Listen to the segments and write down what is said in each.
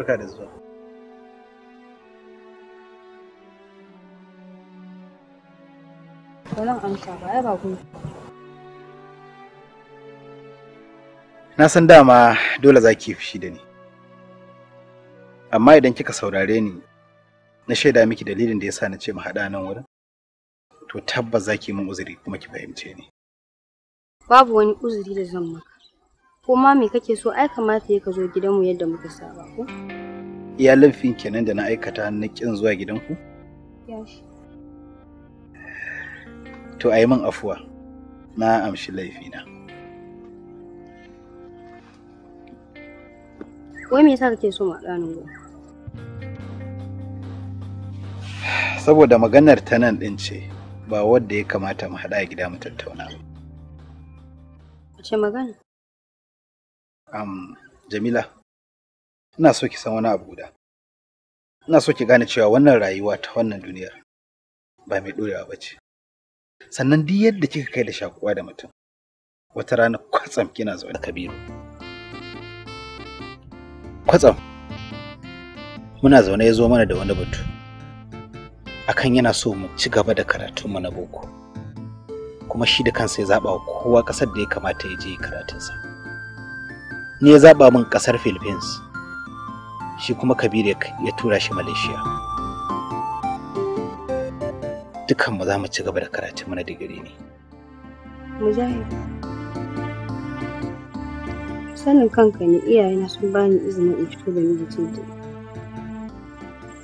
barka da zuwa Na san dama dole za ki fushi da ni. Amma idan kika saurare ni na shaida miki dalilin da yasa na ce mu haɗa nan wurin, to tabbas za ki min uzuri kuma ki fahimce ni. Babu wani uzuri da zan maka. ko ma me kake so ai kamata ya ka zo gidanmu yadda muka saba ko iya laifin kenan da na aikata na kin zuwa gidanku to ayi min afuwa na amshi laifina wai me yasa kake so ma ɗanin gobe saboda maganar ta nan ɗin ce ba wanda ya kamata mu haɗa gida mu tattauna. ce magana? Um, Jamila, ina so ki san wani abu guda. Ina so ki gane cewa wannan rayuwa ta wannan duniyar ba mai ɗorewa ba ce. Sannan duk yadda kika kai da shakuwa da mutum, wata rana kwatsam kina zaune Kabiru. Kwatsam, muna zaune ya zo mana da wani batu. Akan yana so mu ci gaba da mu na boko. Kuma shi da kansa ya zaɓa kowa ƙasar da ya kamata ya je karatunsa. ni ya zaba min ƙasar philippines shi kuma Kabiru ya tura shi malaysia mu za mu ci gaba da karatun mana digiri ne mujahid sanin kanka ne iyayena sun bani izinin in fito da miji ta.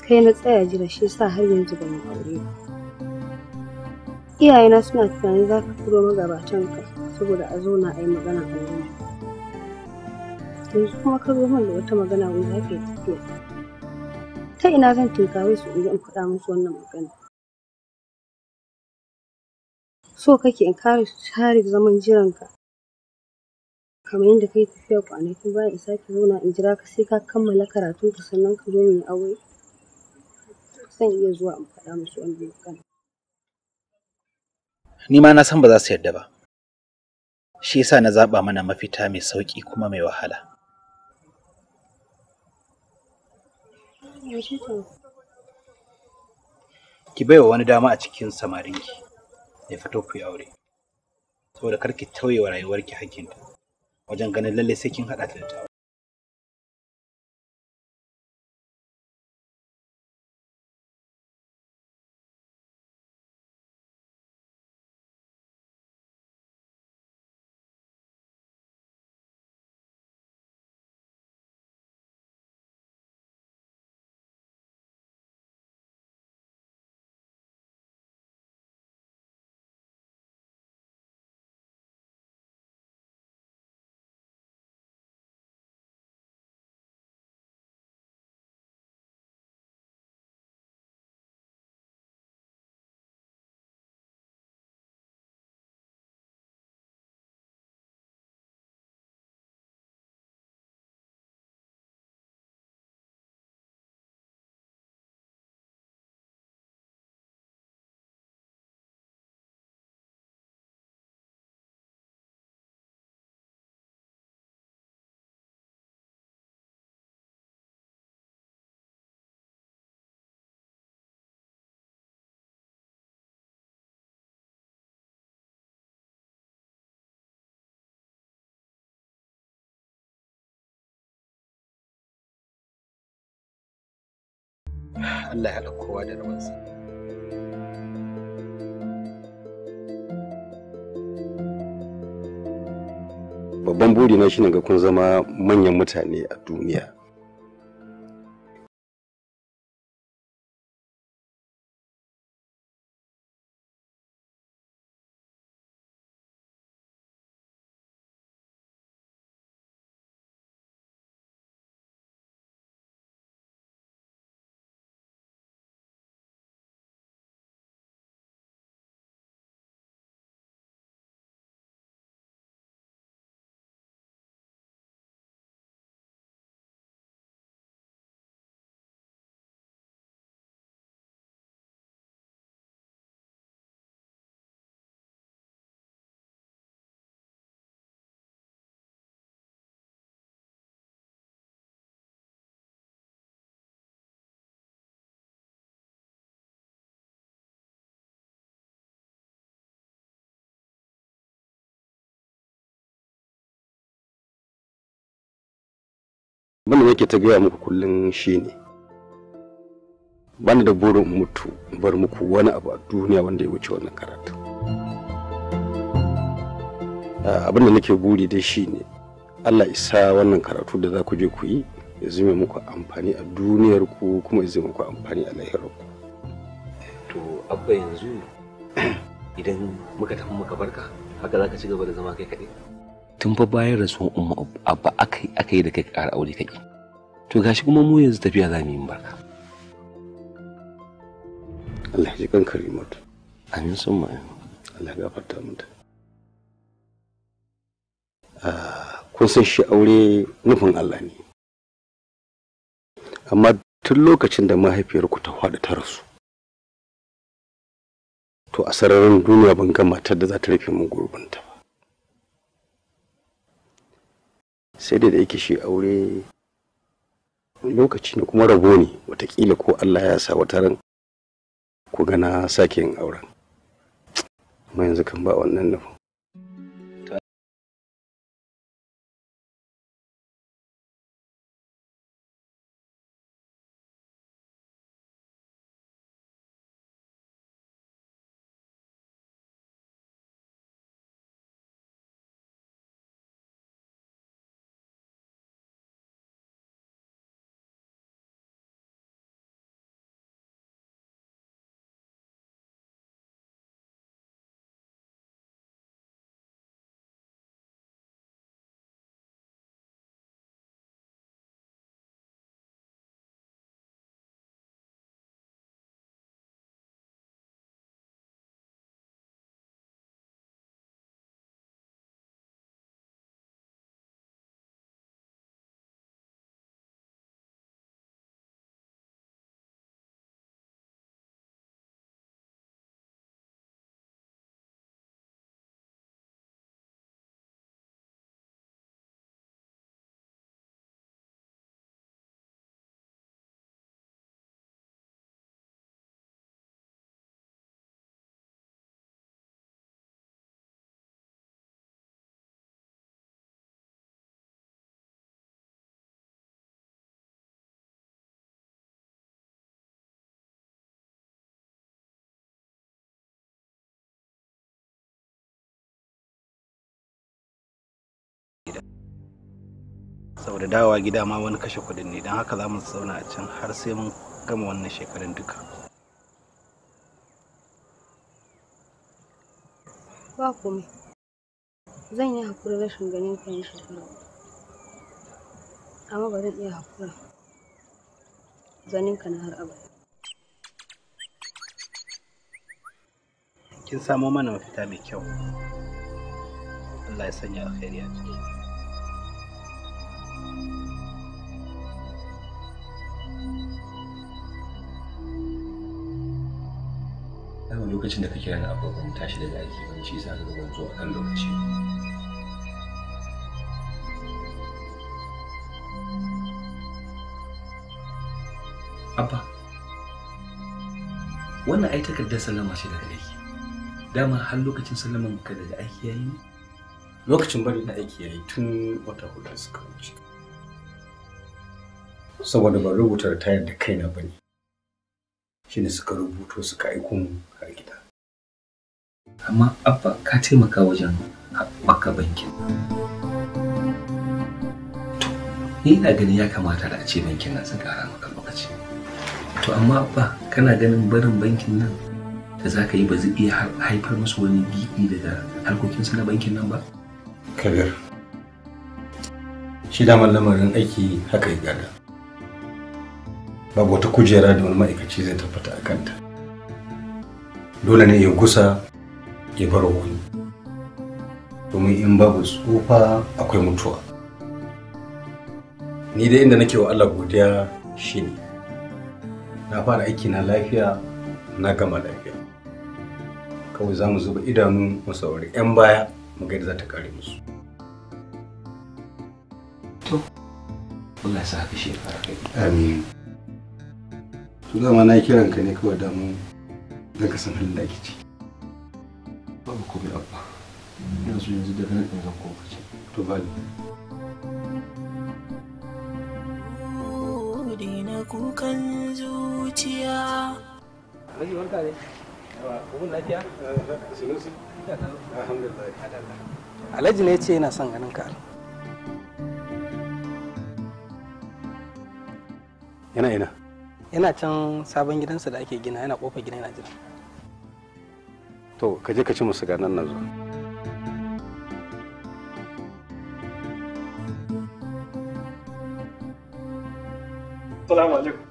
kai na tsaya jira shi sa har yanzu ba mu aure ba iyayena suna tunanin za ka magabatan ka saboda a zo na a yi magana a wurin yanzu kuma ka zo min da wata magana wanda ake tafiya ta ina zan tunkare su in in faɗa musu wannan magana so kake in kare su tare zaman jiranka kamar yadda kai tafiya kwanakin bayan in sake zauna in jira ka sai ka kammala karatun ka sannan ka zo min aure zan iya zuwa in faɗa musu wannan magana ni ma na san ba za su yarda ba shi yasa na zaɓa mana mafita mai sauki kuma mai wahala Ki baiwa wani dama a cikin samarinki ya fito ku yi aure. Saboda karki tauye wa rayuwarki hakinta wajen ganin lallai sai kin haɗa ta da Allah ya haɗa kowa da rawansa babban burina shine ga kun zama manyan mutane a duniya abin da nake ta gaya muku kullum shine bani da burin mutu bar muku wani abu a duniya wanda ya wuce wannan karatu ah, abin da nake buri dai shine allah isa wannan karatu da za ku je ku yi ya zume muku amfani a duniyar ku kuma ya zume muku amfani a lahirar ku to abba yanzu idan muka tafi muka barka haka za ka ci gaba da zama kai kaɗai tun fa bayan rasuwan umma abba aka yi da kai ƙara aure kake to gashi kuma mu yanzu tafiya za mu yi barka Allah ya ji kan amin sun ma'ayin Allah ya gafarta mata ah, kun san shi aure nufin Allah ne amma tun lokacin da mahaifiyarku ta faɗi ta rasu to a sararin duniya ban ga matar da za ta rufe min gurbinta sai dai da yake shi aure lokaci ne kuma rabo ne watakila ko allah ya sa wata ran ku gana sake yin auren amma yanzu kan ba wannan nufin saboda dawowa gida ma wani kashe kudin ne don haka za mu zauna a can har sai mun gama wannan shekarun duka ba komai zan yi haƙuri rashin ganin ka na shekaru amma ba zan iya haƙura ganin ka na har abada kin samo mana mafita mai kyau Allah ya sanya alkhairi a ciki lokacin da ka kira na abubuwa tashi daga aiki ban shi sa ka ban a akan lokaci abba wannan ai takardar sallama ce daga aiki dama har lokacin sallaman ka daga aiki yayi ne lokacin bari na aiki yayi tun wata hudu suka wuce saboda ban rubuta da tayar da kaina bane shine suka rubuto suka aiko mu har gida amma abba ka taimaka wajen haɓaka bankin to ni ina ganin ya kamata da a ce bankin na sun kara maka lokaci to amma abba kana ganin barin bankin nan da za ka yi ba zai iya haifar musu wani gidi daga harkokinsu na bankin nan ba Kagar. shi damar lamarin aiki haka ya gada babu wata kujera da wani ma'aikaci zai tabbata a kanta dole ne ya gusa ya bar wani domin in babu tsufa akwai mutuwa ni dai inda nake wa Allah godiya shine na fara aiki na lafiya na gama lafiya kawai za mu zuba idanu mu saurari 'yan baya mu ga za ta kare musu to Allah ya sa ka shekara amin to dama na kiran ka ne kawai damu don ka san halin da ake babu komai abba ina yanzu da nan zan koma ce to ba ni na kukan zuciya Alhaji barka ne. lafiya? Sinusi. Alhamdulillah. Alhaji ne ka. Yana yana can sabon gidansa da ake gina yana kofa gina yana jira to ka je ka ci musu ganan nan zo Salamu alaikum.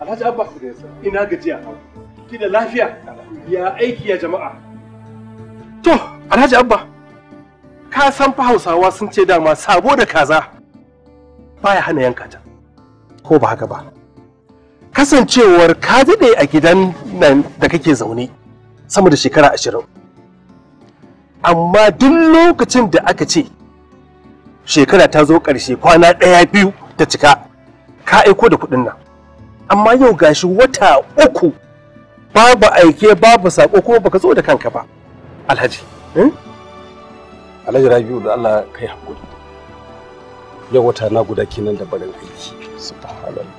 Alhaji Abbas ina gajiya. Ki da lafiya? Ya aiki ya jama'a. To, Alhaji Abba, ka san fa Hausawa sun ce dama sabo da kaza baya hana yanka ta. Ko ba haka ba? kasancewar ka daɗe a gidan nan da kake zaune sama da shekara ashirin amma duk lokacin da aka ce shekara ta zo ƙarshe kwana ɗaya biyu ta cika ka aiko da kuɗin nan amma yau gashi wata uku babu aike babu saƙo kuma baka zo da kanka ba alhaji hmm? alhaji rabiu da allah kai hakuri yau wata na guda kenan da barin aiki subhanallah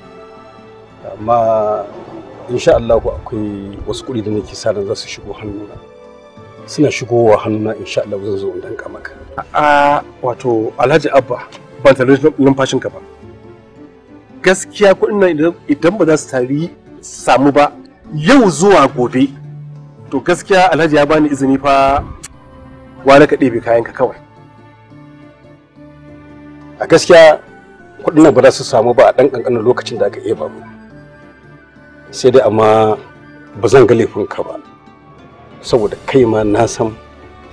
amma insha Allah akwai wasu kuɗi da nake sa za su shigo hannuna suna shigowa hannuna insha Allah zan zo in danka maka a wato Alhaji Abba ban tare numfashin ka ba gaskiya kuɗin nan idan ba za su tari samu ba yau zuwa gobe to gaskiya Alhaji ya bani izini fa wani ka ɗebe kayan ka kawai a gaskiya kuɗin nan ba za su samu ba a ɗan ƙanƙanin lokacin da aka iya ba mu sai dai amma ba zan ga ka ba saboda kai ma na san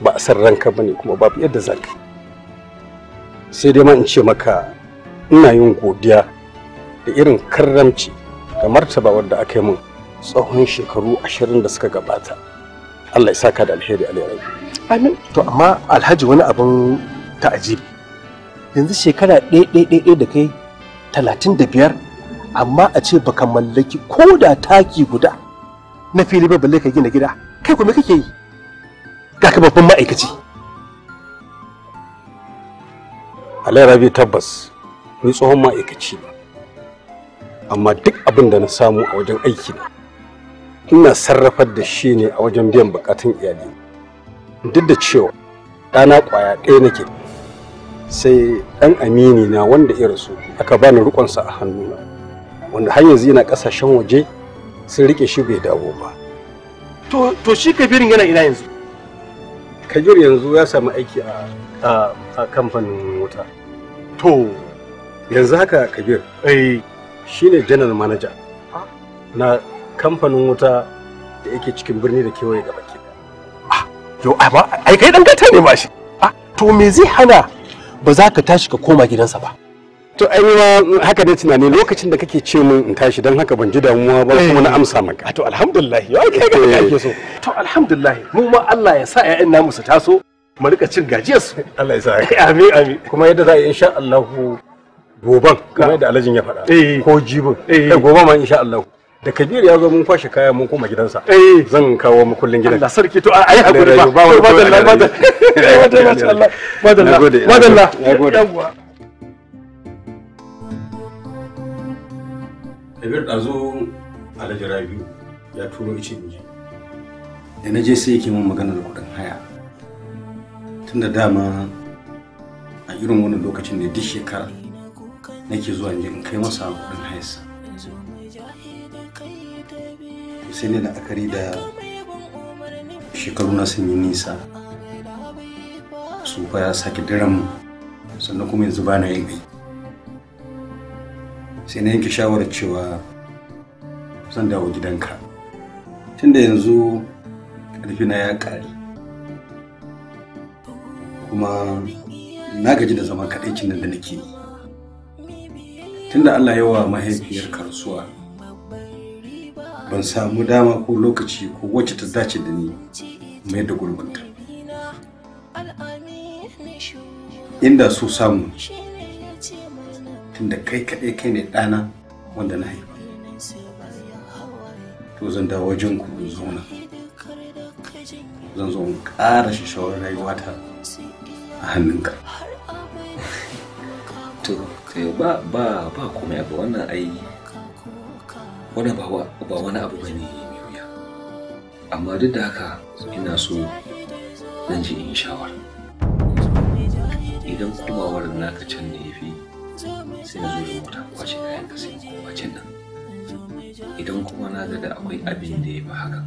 ba a san ranka ba ne kuma babu yadda za ka sai dai ma in ce maka ina yin godiya da irin karramci da martaba wadda aka yi min tsawon shekaru ashirin da suka gabata allah ya saka da alheri alheri amin to amma alhaji wani abun ta'ajibi yanzu shekara ɗaya ɗaya ɗaya da kai talatin da biyar amma a ce baka mallaki ko da taki guda na fili ba balle ka gina gida kai kuma kake yi ga ka babban ma'aikaci Alai Rabi tabbas ni tsohon ma'aikaci ne amma duk abin da na samu a wajen aiki ne ina sarrafar da shi ne a wajen biyan bukatun iyali duk da cewa ɗana ƙwaya ɗaya nake sai ɗan amini na wanda ya rasu aka bani sa a hannuna wanda har yanzu yana kasashen waje sun rike shi bai dawo ba to to shi kabirin yana ina yanzu kabir yanzu ya samu aiki a a kamfanin wuta to yanzu haka kabir eh shine general manager na kamfanin wuta da yake cikin birni da kewaye gaba ke ah to ai kai dan gata ne ba shi ah to me zai hana ba za ka tashi ka koma gidansa ba to ainihin haka ne tunani lokacin da kake ce mun in tashi don haka ban ji damuwa ba kuma na amsa maka to alhamdulillah yau kai ga kake so to alhamdulillah mu ma Allah ya sa ƴaƴan namu su taso mu rika cin gajiyar su Allah ya sa amin amin kuma yadda za a yi insha Allah goban kamar yadda alhaji ya faɗa ko jibin kai goban ma insha Allah da kabir ya zo mun kwashe kaya mun koma gidansa zan kawo mu kullun gidan Allah sarki to ai hakuri ba ba madalla madalla ba madalla madalla da ɗazu Alhaji Rabiu ya turo ice in Da na je sai yake min maganar kuɗin haya. Tunda dama a irin wannan lokacin da duk shekara nake zuwa in in kai masa kuɗin hayarsa. Sai ne da akari da shekaru na sun yi nisa. Sufa ya sake diran sannan kuma yanzu ba na yin aiki. sai na yanke shawarar cewa zan dawo gidanka tunda yanzu ƙarfina ya ƙare kuma na gaji da zama kaɗai nan da nake tunda Allah yawa mahaifiyar karsuwa ban samu dama ko lokaci ko wacce ta dace da ni mai da gurbinta inda su samu tunda kai kaɗai kai ne ɗana wanda na haifa to zan dawo wajen ku in zauna zan zo in ƙara shawarar ta a hannunka to kai ba ba ba komai ba wannan ai wannan ba wani abu bane mai wuya amma duk da haka ina so zan je in shawara idan kumawar naka can ne sai na zo da mota kwace kayan ka sai kwacen nan idan kuma na ga da akwai abin da ya fi haka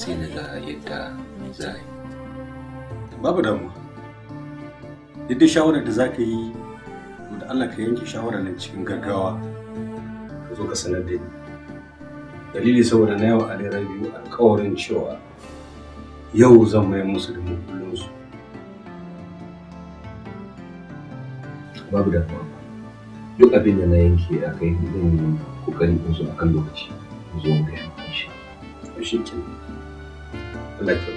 sai na ga yadda za a yi babu damuwa yadda shawarar da za ka yi wanda Allah ka yanke shawarar nan cikin gaggawa ka zo ka sanar da ni dalili saboda na yawa alera biyu alkawarin cewa yau zan mayar musu da mukullinsu babu damuwa duk abin da na yanke a kai zan yi kokari in zo akan lokaci in zo mu gaya maka shi shi ke Allah ke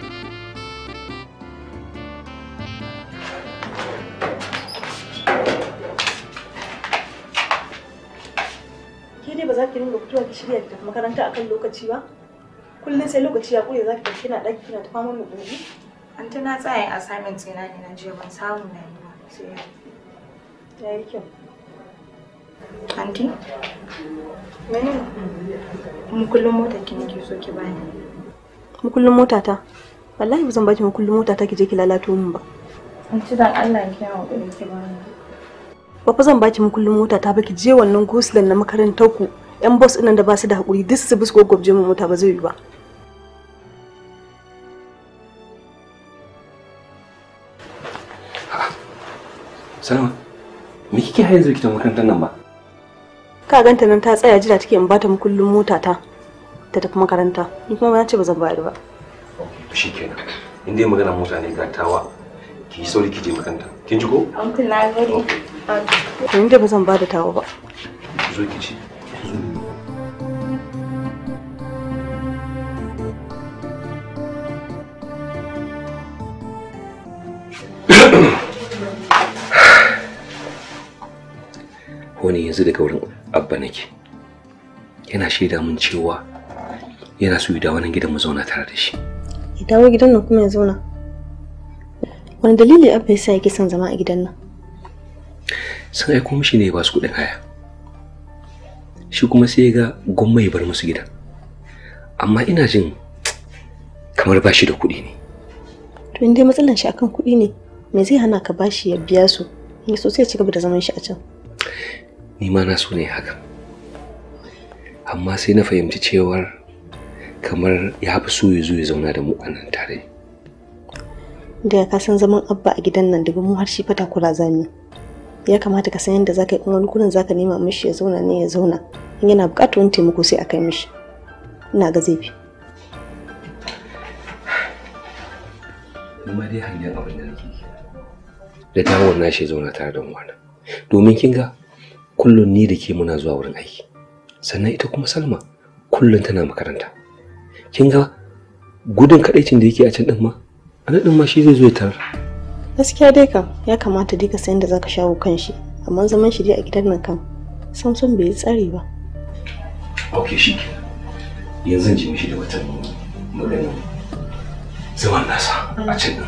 ke dai ba za ki ringa fitowa ki shirya ki tafi makaranta akan lokaci ba kullum sai lokaci ya kure za ki tafi kina ɗaki kina tafa mun gobe an ta na tsaya assignment ina ne na jiya ban samu na yi ba sai ya yi kyau Anti? Mene? Mukullin mota ki nake so ki bani. Mukullin mota ta? Wallahi ba zan baki mukullin mota ta ki je ki lalato min ba. Anti dan Allah ki yawo gari ki bani. Ba fa zan baki mukullin mota ta ba ki je wannan gosulan na makarantar ku. Yan boss ɗin da ba su da haƙuri duk su bi bisko gwabje mu mota ba zai yi ba. Salama, me kike har yanzu kitan makarantar nan ba? ka ganta nan ta tsaya jira take in bata mu kullum mota ta ta tafi makaranta ni kuma na ce ba zan bayar ba shi kenan in dai magana mota ne gatawa ki yi sauri ki je makaranta kin ji ko uncle na gari to ni ba zan bada tawa ba zo ki ci Mm-hmm. wani yanzu daga wurin abba nake yana shaida mun cewa yana so da wani gidan mu zauna tare da shi ya dawo gidan nan kuma ya zauna wani dalili abba ya sa yake son zama a gidan nan sun aiko mishi ne ba su kuɗin haya shi kuma sai ga gwamma ya bar musu gidan amma ina jin kamar ba shi da kuɗi ne to in dai matsalan shi akan kuɗi ne me zai hana ka bashi ya biya su in so sai ya ci gaba da zaman shi a can ni ma na so ne haka amma sai na fahimci cewar kamar ya fi so ya zo ya zauna da mu a nan tare da ka san zaman abba a gidan nan daga mu har shi fata kura zami ya kamata ka san yadda za ka yi wani kunan za ka nema mishi ya zauna ne ya zauna in yana bukatar wani taimako sai a kai mishi ina ga zai fi kuma dai hanyar abin da nake da dawon nashi zauna tare da mu domin kin ga kullum ni da ke muna zuwa wurin aiki sannan ita kuma salma kullum tana makaranta kin ga gudun kadaicin da yake a can din ma a nan ma shi zai zo ya tarar gaskiya dai kam ya kamata dai ka san da zaka shawo kan shi amma zaman shi dai a gidan nan kan samson bai yi tsari ba ok shi yanzu ji mishi da wata magana zaman nasa a can din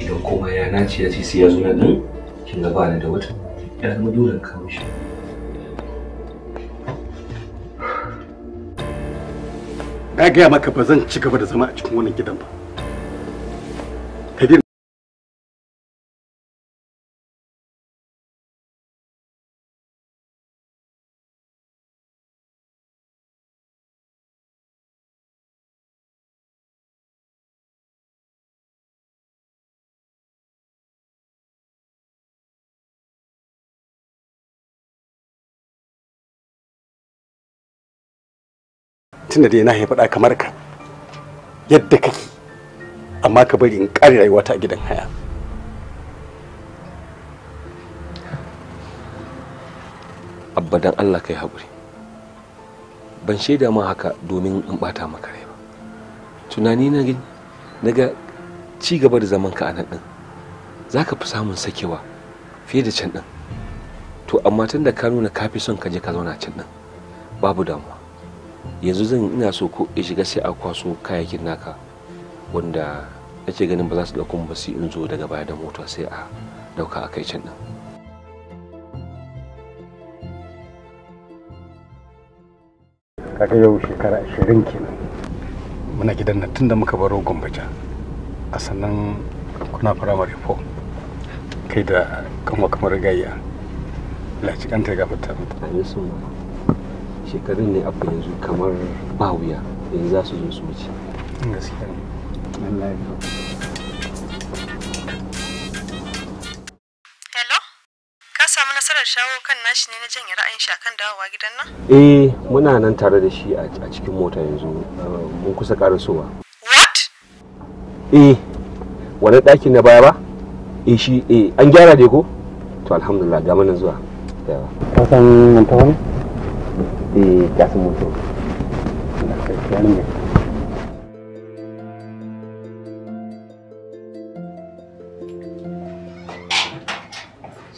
idan komai ya nace ya ce sai ya zo nan kin ga ba da wata ya zama dole ka kawo shi gaya maka ba zan ci gaba da zama a cikin gidan ba tunda dai na haifa kamar ka yadda kake amma ka bari in ƙare rayuwata a gidan haya abadan Allah kai hakuri ban shaida ma haka domin in bata maka rai ba tunani na ga ci gaba da zaman ka a nan ɗin za ka fi samun sakewa fiye da can ɗin to amma tun da ka nuna ka fi son ka je ka zauna can ɗin babu damuwa yanzu zan ina so ko in shiga sai a kwaso kayakin naka wanda nake ganin ba za su ɗauko ba sai in zo daga baya da mota sai a ɗauka a kai can ɗin kaga yau shekara ashirin kenan muna gidan nan tunda da muka baro gumbaja a sannan kuna firamare fo kai da kanwa kamar gayya laci kanta ya gafata mata shekarun ne abu yanzu kamar ba wuya yanzu za su zo su wuce hello ka samu nasarar shawo kan nashi ne na janye ra'ayin shi akan dawowa gidan nan eh muna nan tare da shi a cikin mota yanzu mun kusa karasowa what eh wani ɗaki na baya ba eh shi eh an gyara da ko to alhamdulillah ga mana zuwa yawa ka san mun ta wani eh gasu mutu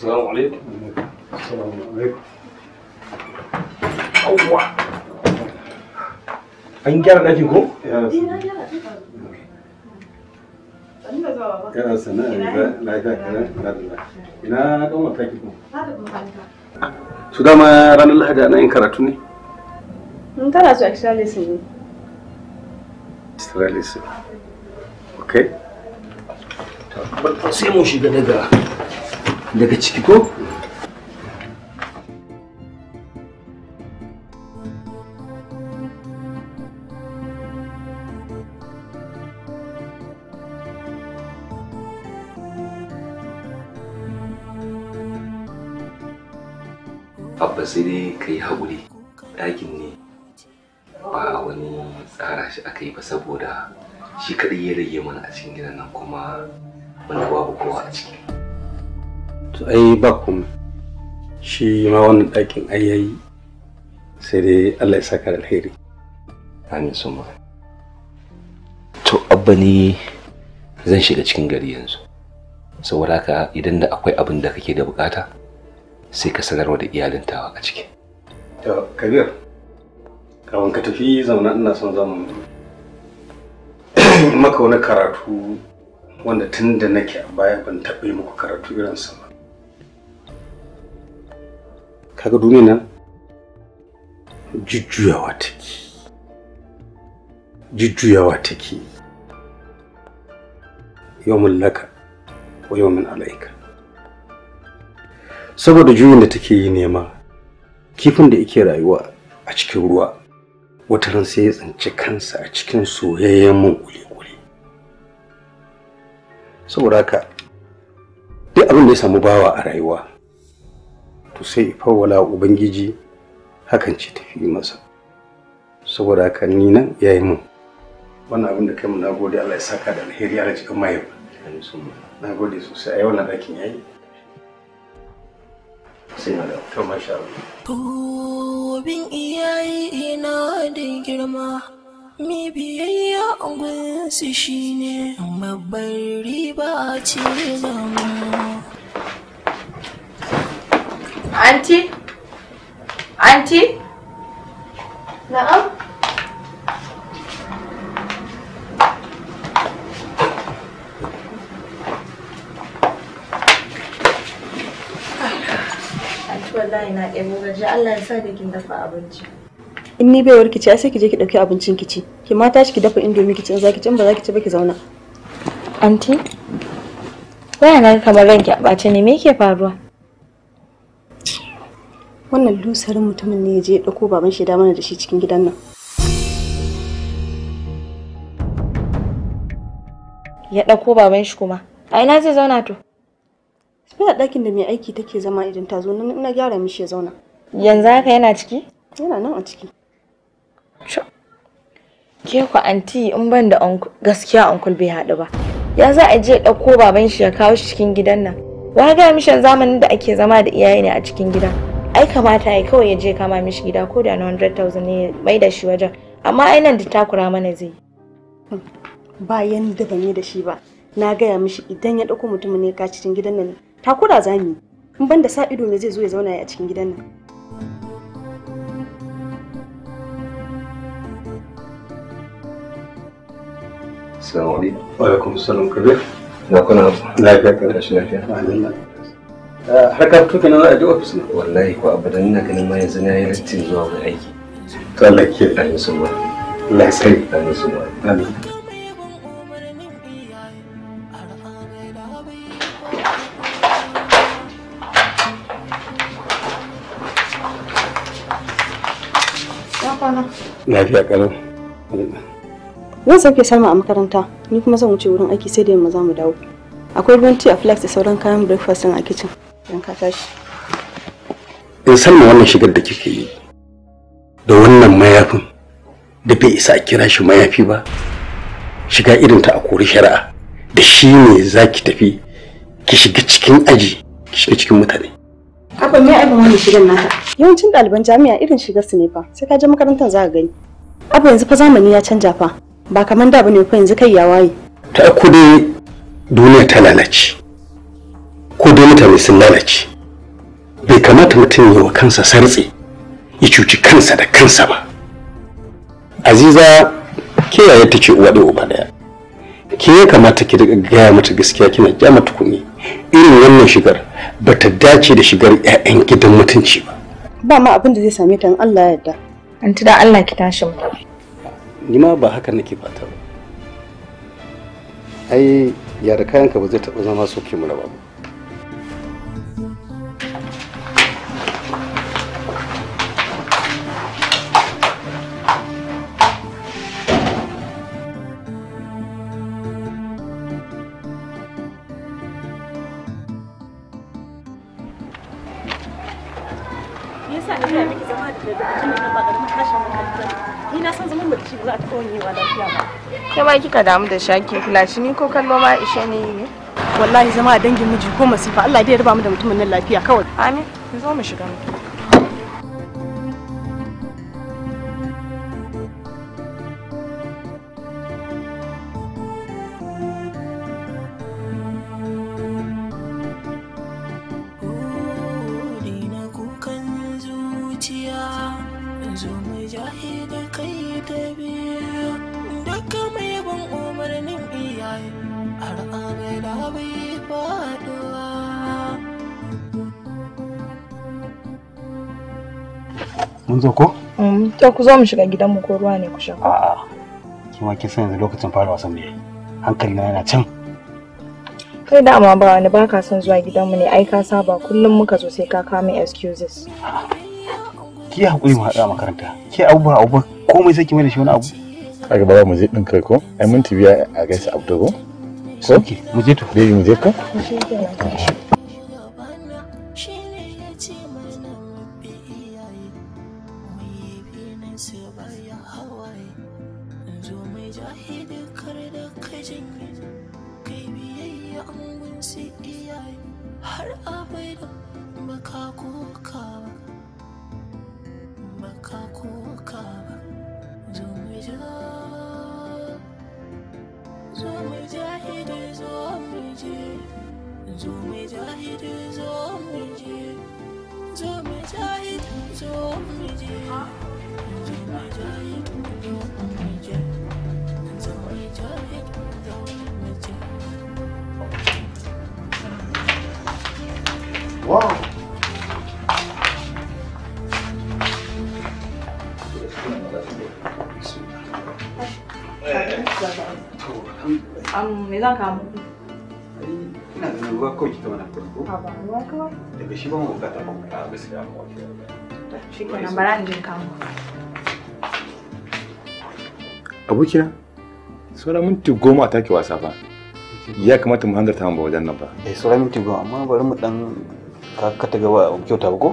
Assalamu alaikum. Assalamu alaikum. Awwa. An gyara eh, ɗakin ko? sana'a Ina ɗan wata ki su dama ranar lahadi ana yin karatu ne in tana su extra lesson ne extra lesson ok sai mun shiga daga daga ciki ko ba sai dai ka yi haƙuri ɗakin ne ba wani tsara shi aka yi ba saboda shi kaɗai ya rage mana a cikin gidan nan kuma wanda babu kowa a ciki to ai ba kuma shi ma wannan ɗakin ai yayi sai dai allah ya saka alheri amin sun to abba ne zan shiga cikin gari yanzu saboda haka idan da akwai abin da kake da bukata sai ka sanarwa da iyalin tawa a ciki to kabir kawon ka tafi zauna ina son zan maka wani karatu wanda tun da nake a baya ban taɓa yi muku karatu irin sa ba kaga duniya nan jujjuyawa take jujjuyawa take yawmin laka wa yawmin alaika saboda juyin da take yi nema kifin da yake rayuwa a cikin ruwa wata ran sai ya tsinci kansa a cikin soyayyen mun kuli-kuli saboda haka duk abin da ya samu bawa a rayuwa to sai ifawala ubangiji hakan ce tafi masa saboda haka ni nan yayi mun wannan abin da kai mu nagode Allah ya saka da alheri Allah ya jikan na gode sosai a yau na dakin yayi sai na ina da girma mi biyayya gunsu shine babbar riba ce da mu aunty. na'am wallahi na ɗebo gaji Allah ya sa da kin dafa abinci in ni bai warki ci sai ki je ki dauki abincin ki ci ki ma tashi ki dafa indomi ki ci in zaki ci in ba zaki ci ba ki zauna anti waya na kamar ranki a ɓace ne me yake faruwa wannan lusarin mutumin ne ya je ya dauko baban shi da mana da shi cikin gidan nan ya dauko baban shi kuma a ina zai zauna to Ina ɗakin da mai aiki take zama idan ta zo nan ina gyara mishi ya zauna. Yanzu haka yana ciki? Yana nan a ciki. Ke ku anti in ban da gaskiya onkul bai haɗu ba. Ya za a je ɗauko baban shi ya kawo shi cikin gidan nan. Wa ga mishan zamanin da ake zama da iyaye ne a cikin gida. Ai kamata ya kawai ya je kama mishi gida ko da na 100,000 ne mai da shi wajen. Amma ai nan da takura mana zai. Hmm. Bayan da ban yi da shi ba. Na gaya mishi idan ya ɗauko mutumin ne ka cikin gidan nan takura za mu in ban da sa ido ne zai zo ya zauna a cikin gidan nan Assalamu alaikum. Wa alaikum salam kabir. Na kuna lafiya ka tashi lafiya. Eh, har ka fito kenan a je ofis ne? Wallahi ko abadan ina ganin ma yanzu na yi lattin zuwa ga aiki. To ke da musu Allah sai da musu Amin. Lafiya ƙalau. Zan sauke sama a makaranta, ni kuma zan wuce wurin aiki sai da yamma za mu dawo. Akwai ruwan tea a flax da sauran kayan breakfast a kitchen. Dan ka tashi. In eh, ma wannan shigar da kike yi da wannan mayafin da bai isa a kira shi mayafi ba. Shiga irin ta a kori shari'a da shi ne za ki tafi ki shiga cikin aji ki shiga cikin mutane. Yawancin ɗaliban jami'a irin shigar su ne fa, sai ka je makarantar za ka gani. Abu yanzu fa zamani ya canja fa, ba kamar da bane ko yanzu kai ya waye. Ta ku dai duniya ta lalace. Ko dai mutane sun lalace. Bai kamata mutum ya wa kansa sartse ya cuci kansa da kansa ba. Aziza kiyaye ta ce uwa ɗaya uba ɗaya. ke ya kamata ki daga gaya mata gaskiya kina kya mata kuɗi irin wannan shigar ba ta dace da shigar 'ya'yan gidan mutunci ba ba ma abin da zai same ta in Allah ya yarda an da Allah ki tashi mu ni ma ba haka nake fata ba ai yara kayanka ba zai taɓa zama soke mu raba ba kai ma kika damu da shaki flashi ni ko kallo ma ishe ne ne wallahi zama a dangin miji ko masifa Allah dai ya raba mu da mutumin nan lafiya kawai amin zo mu shiga mu To ku zo mu shiga gidanmu ko ruwa ne ku sha. A'a. Ki ma kin san yanzu lokacin fara wasan ne. Hankali na yana can. Kai amma ba wani ba ka son zuwa gidanmu ne ai ka saba kullum muka zo sai ka kame min excuses. Ki hakuri mu haɗa makaranta. Ki abubuwa abubuwa komai sai ki mai da shi wani abu. Kaga ba mu je din kai ko? Ai mun tafiya a gaisa abu ko? Ko? Mu je to. Dai mu je ka? Shi kenan. an kamu ta minti goma take wasa fa ya kamata mu hanzarta mu ba wajen nan ba eh sauran minti goma amma bari mu dan ka ka ta gaba kyauta ba ko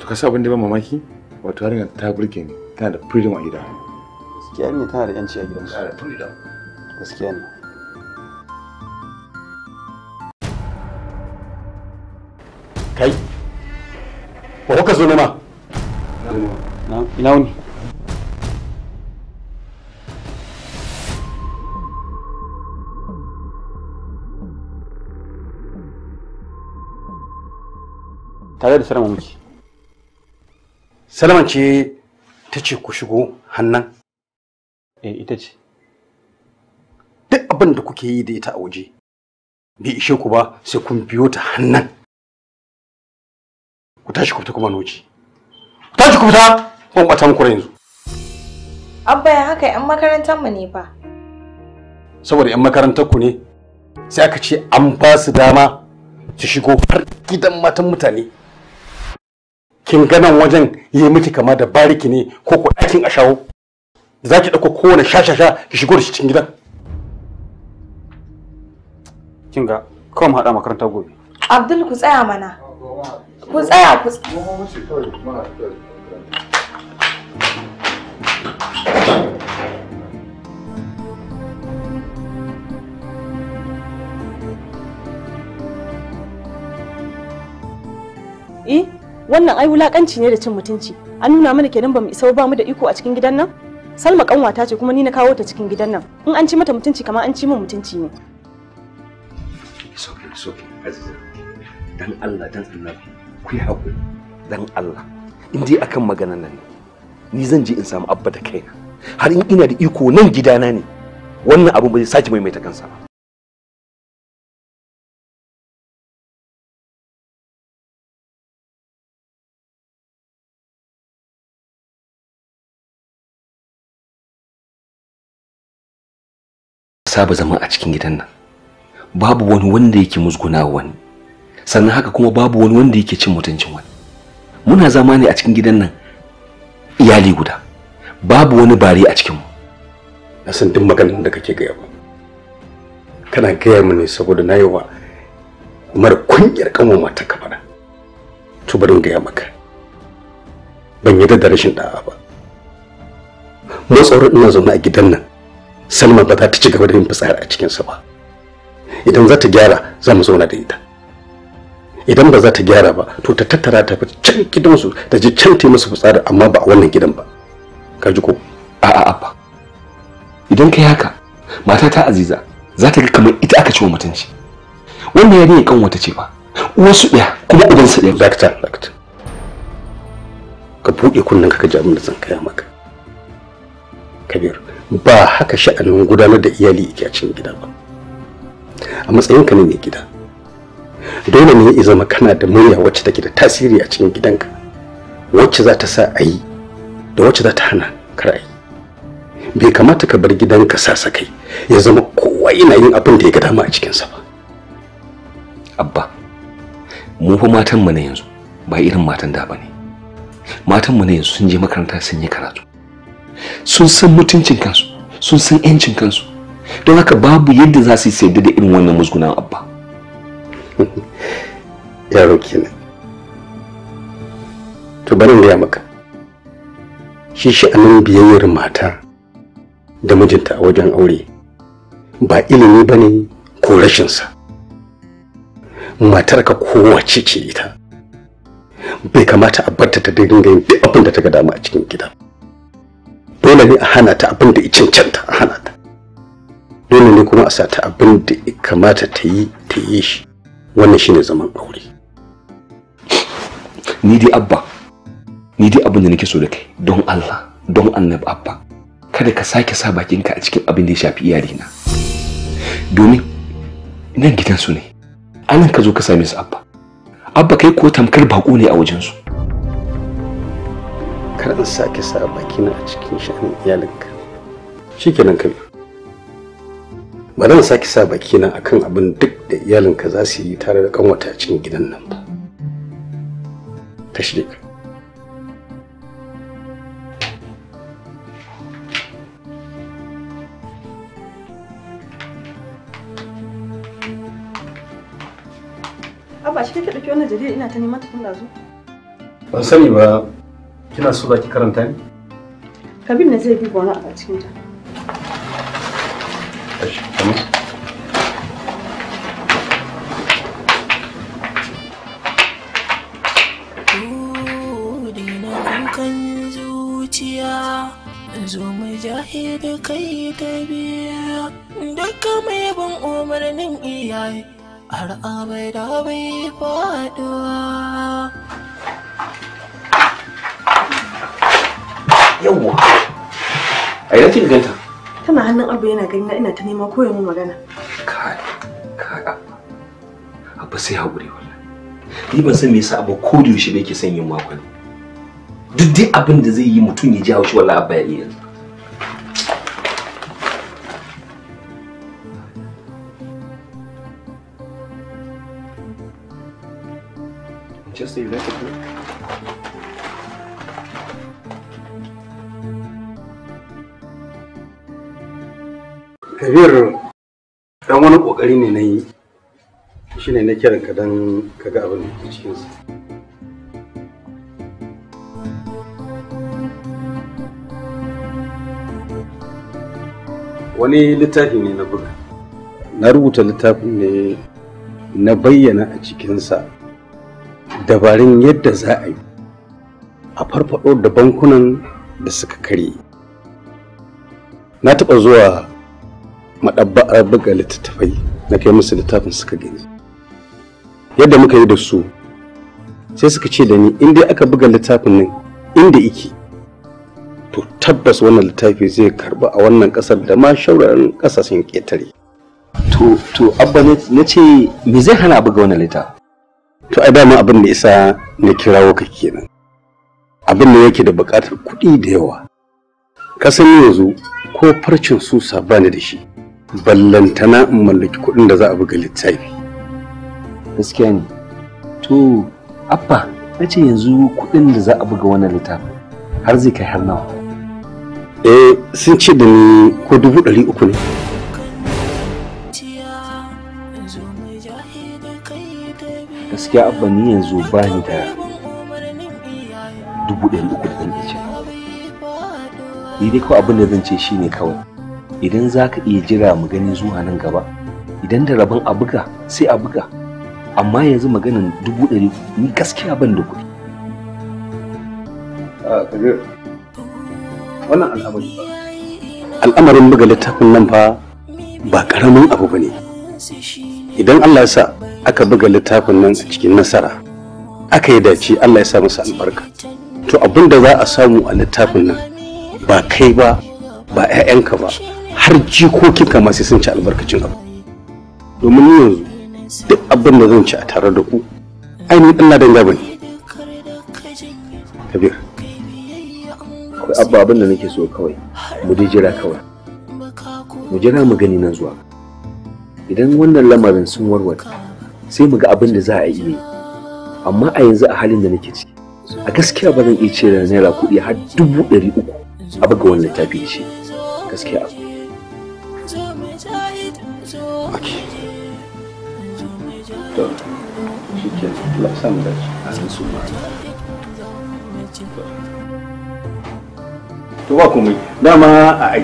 to ka sa abin da ba mamaki wato yarinya ta burge ni tana da freedom a gida gaskiya ne tana da yanci a gidansu gaskiya ne kai ba kuka zo nema ina wuni tare da salama muke salaman ce ta ce ku shigo hannan eh ita ce duk abin da kuke yi da ita a waje bai ishe ku ba sai kun biyo ta hannan ku tashi ku fita kuma noki ku tashi ku fita ban bata muku yanzu abba ya haka yan makarantar mu ne fa saboda yan makarantar ku ne sai aka ce an ba su dama su shigo har gidan matan mutane kin ganan wajen yi miki kama da bariki ne ko ku ɗakin a shawo za ki ɗauko kowane shashasha ki shigo da shi cikin gidan kin ga kawai mu haɗa makarantar gobe abdul ku tsaya mana ku tsaya ku Eh, wannan ai wulakanci ne da cin mutunci. An nuna mana kenan ba mu isa ba mu da iko a cikin gidan nan? Salma kanwata ce kuma ni na kawo ta cikin gidan nan. In an ci mata mutunci kamar an ci min mutunci ne. It's okay, it's dan Allah dan annabi ku yi haƙuri dan Allah in dai akan maganan nan ni zan je in samu abba da kaina har in ina da iko nan gidana ne wannan abin ba zai sake maimaita kansa ba saba zama a cikin gidan nan babu wani wanda yake musguna wani sannan haka kuma babu wani wanda yake cin mutuncin wani muna zama ne a cikin gidan nan iyali guda babu wani bari a cikinmu na san duk maganar da kake gaya ba kana gaya mu ne saboda na yi wa mara kunyar kanwa mata ka fara to barin gaya maka ban yi da rashin da'a ba mu tsoron ina zaune a gidan nan salma ba za ta ci gaba da yin fitsari a cikinsa ba idan za ta gyara za mu zauna da ita idan ba za ta gyara ba to ta tattara ta fi can gidansu ta je can ta musu fitsari amma ba a wannan gidan ba ka ji ko a a abba idan kai haka mata ta aziza za ta ga kamar ita aka ce wa mutunci wannan ya kan wata ce ba wasu ɗaya kuma idan su ɗaya dakta dakta ka buɗe kunnen ka ji abin da zan kaya maka kabir ba haka sha'anin gudanar da iyali yake a cikin gida ba a matsayinka ne mai gida dole ne ya zama kana da murya wacce take da tasiri a cikin gidanka wacce za ta sa a yi da wacce za ta hana kar a yi bai kamata ka bar gidanka sasakai ya zama kowa yana yin abin da ya ga dama a cikinsa ba abba mu fa matan mu ne yanzu ba irin matan da ba ne matan mu na yanzu sun je makaranta sun yi karatu sun san mutuncin kansu sun san yancin kansu don haka babu yadda za su yi sayar da irin wannan musgunan abba yaro kenan to bari gaya maka shi sha'anin biyayyar mata da mijinta a wajen aure ba ilimi ba ne ko rashinsa ka kowace ce ita bai kamata a barta ta dinga yin duk abin da ta ga dama a cikin gida dole ne a hana ta abin da ya cancanta a hana ta dole ne kuma a sa ta abin da kamata ta yi ta yi shi wannan shine zaman aure ni dai abba ni dai abin da nake so da kai don Allah don annabi abba kada ka sake sa bakinka a cikin abin da ya shafi na domin nan su ne anan ka zo ka same su abba abba kai ko tamkar bako ne a wajen su. kada in sake sa bakina a cikin sha'anin iyalinka shikenan kai ba zan sake sa bakina akan abin duk da iyalinka za su yi tare da kanwata a cikin gidan nan ba ta shirka Abba shi kake ɗauki wannan jarida ina ta neman tukun kunna zo. Ban sani ba kina so za ki karanta ni? Kabin ne zai bi gona a cikin ta. Tashi, iyaye da kai ta biya duka mai bin umarnin iyaye har abai da bai faduwa yawwa a yi kika ganta tana hannun abu yana gani na ina ta nema koyo mu magana kai kai abu sai haƙuri wallahi ni ban san me yasa abu ko da yaushe bai ke son yin makon duk dai abin da zai yi mutum ya ji haushi wallahi abba ya iya yanzu Manchester United ne? Kabir dan wani ƙoƙari ne na yi shi ne na kiran ka don ka ga abin da ke Wani littafi ne na buga. Na rubuta littafin ne na bayyana a cikinsa dabarun yadda za a yi a farfado da bankunan da suka karye na taɓa zuwa maɗabba'ar buga littattafai na kai musu littafin suka gani yadda muka yi da su sai suka ce da ni inda aka buga littafin nan inda iki to tabbas wannan littafi zai karba a wannan ƙasar da ma shauraran kasashen ƙetare to to abba na ce me zai hana buga wannan littafi to ai dama abin da isa na kirawo ka kenan abin da yake da buƙatar kuɗi da yawa kasan yanzu ko farcin susa bani da shi ballantana in mallaki kuɗin da za a buga littafi gaskiya ne to abba na ce yanzu kuɗin da za a buga wannan littafin har zai kai har nawa eh sun ce da ni ko dubu ɗari uku ne gaskiya abba ni yanzu ba ni da dubu ɗari uku da zan iya ni dai kawai abin da zan ce shine kawai idan za ka iya jira mu gani zuwa nan gaba idan da rabon a buga sai a buga amma yanzu maganin dubu ɗari ni gaskiya ban da kuɗi ah, wannan al'amari ba al'amarin buga littafin nan fa ba ƙaramin abu ba ne idan Allah ya sa aka buga littafin nan a cikin nasara aka yi dace Allah ya sa masa albarka to abin da za a samu a littafin nan ba kai ba ba 'ya'yanka ba har jikokin ma sai sun ci albarkacin abu domin yanzu duk abin da zan ci a tare da ku ainihin Allah danga ba ne kabir akwai abba abin da nake so kawai mu dai jira kawai mu jira mu gani nan zuwa idan wannan lamarin sun warware sai mu ga abin da za a iya amma a yanzu a halin da nake ciki a gaskiya ba zan iya da naira kuɗi har dubu ɗari uku a buga wannan tafi ce gaskiya ba kuma dama a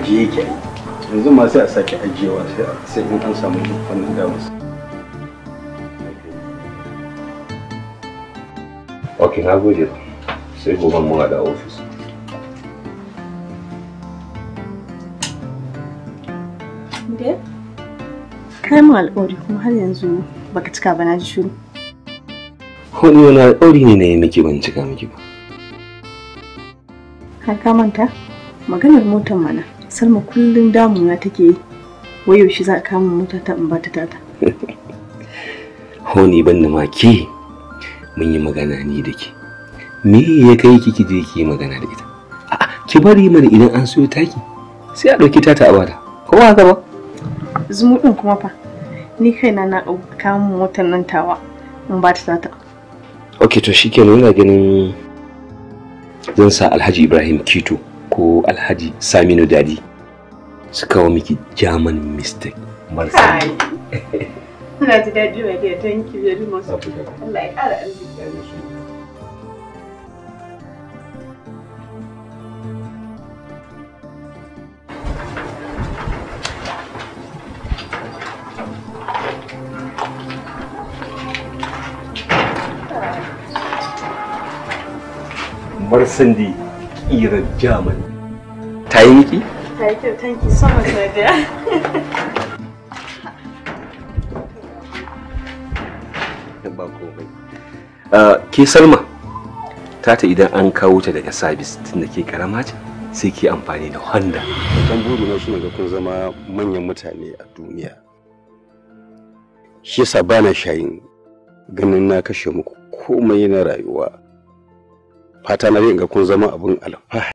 yanzu ma sai a sake ajiyewa sai in an samu wannan damas ok na gode sai gobe mun da ofis kai mu alƙawari kuma har yanzu baka cika ba na ji shiru wani wani alƙawari ne na yi miki ban cika miki ba har ka manta maganar motar mana Salma kullum damuna take yi. Wai yaushe za a kama mota ta in bata tata. Honi ban da ke, mun yi magana ni da ke. Me ya kai kiki je ki magana da ita? A'a ki bari mana idan an so taki sai a ɗauki tata a bada. Ko ba haka ba? din kuma fa ni kaina na kama motar nan tawa in bata tata. Ok to shikenan ina ganin zan sa Alhaji Ibrahim Kito. ko alhaji saminu dadi su kawo miki german mistake marsa Ina ji dadi mai dear, thank you very much. Allah ya kara arziki. Marsandi. irin german ta yi miki ta yi kyau thank you so much my dear ba ah, ke salma tata idan an kawo ta daga sabis da ke karama ce sai ke amfani da honda dan buru na suna ga kun zama manyan mutane a duniya shi yasa bana shayin ganin na kashe muku komai na rayuwa fata na ga kun zama abin alfahari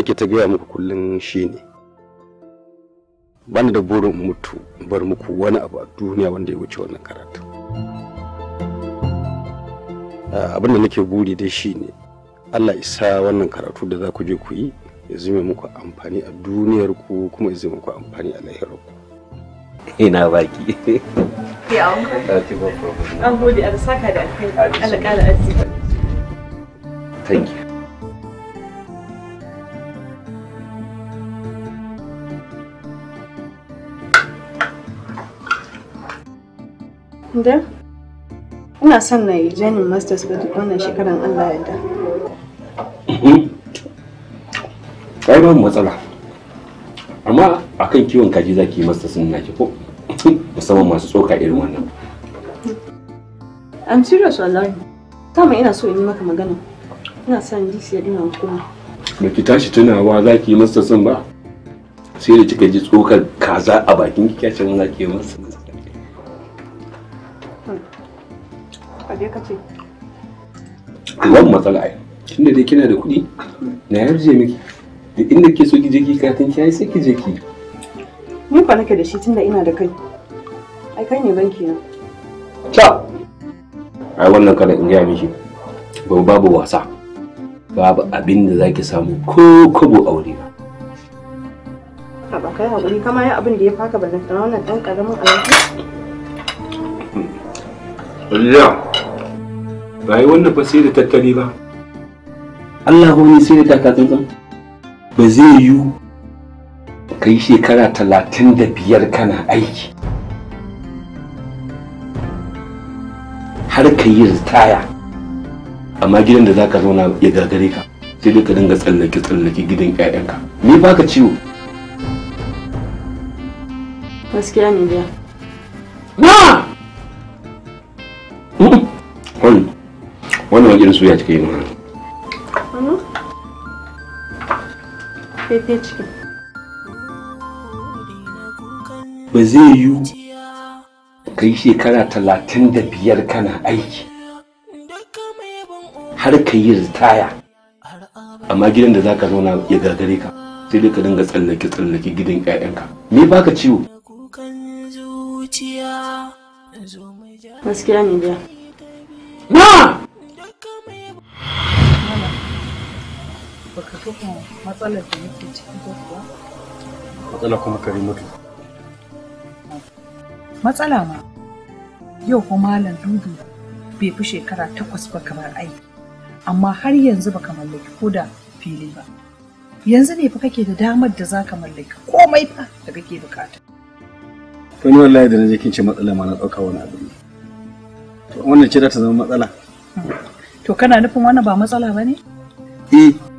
yake ta gaya muku kullum shine bani da burin mutu bar muku wani abu a duniya wanda ya wuce wannan karatu ah, abin da nake buri da shi ne Allah isa wannan karatu da za ku je ku yi ya zume muku amfani a duniyar ku kuma ya zume muku amfani a lahirar ku ina baki thank you Da? Ina son na yi janin masters ga duk wannan shekarar Allah ya da. Kai hmm? ba matsala. Amma a kan kiwon kaji za zaki yi masters din naki ko? Musamman masu tsoka irin wannan. I'm serious wallahi. Kama ina so in yi maka magana. Ina son DC ya dina hukuma. Ba ki tashi tunawa za ki yi masters din ba? Sai da kika ji tsokar kaza a bakin kicin za ki yi masters. ka je ka ce babu matsala ai tunda dai kina da kuɗi na yarje miki da inda ke so ki je ki katin ki ai sai ki je ki fa nake da shi tunda ina da kai ai kai ne banki na ta ai wannan kada in gaya miki babu wasa babu abin da zaki samu ko kobo aure kama ya abin da ya faka balantana wannan ɗan ƙaramin alaƙa. Yeah. rayuwar wannan fa sai da tattali ba Allah ne sai da takatsantsan ba zai yiwu kai shekara talatin da biyar kana aiki har ka yi ritaya amma gidan da zaka zauna ya gagare ka sai dai ka dinga tsallake tsallake gidan ƴaƴanka ni ba ka ciwo gaskiya ne biya na wannan wani irin suya kika yi mana ba zai yiwu kai shekara talatin da biyar kana aiki har ka yi ritaya amma gidan da zaka zauna ya gagare ka sai dai ka dinga tsallake tsallake gidan 'ya'yanka me baka ciwo gaskiya ne biya na baka kuma matsalar da nake ciki ba kuwa matsala kuma kare mutu matsala ma yau kuma malam dudu bai fi shekara takwas ba kamar aiki amma har yanzu baka mallaki ko da fili ba yanzu ne fa kake da damar da zaka mallaki komai fa da kake bukata to ni wallahi da naje kin ce matsala ma na dauka wani abu to wannan ce ta zama matsala hmm. to kana nufin wannan ba matsala bane eh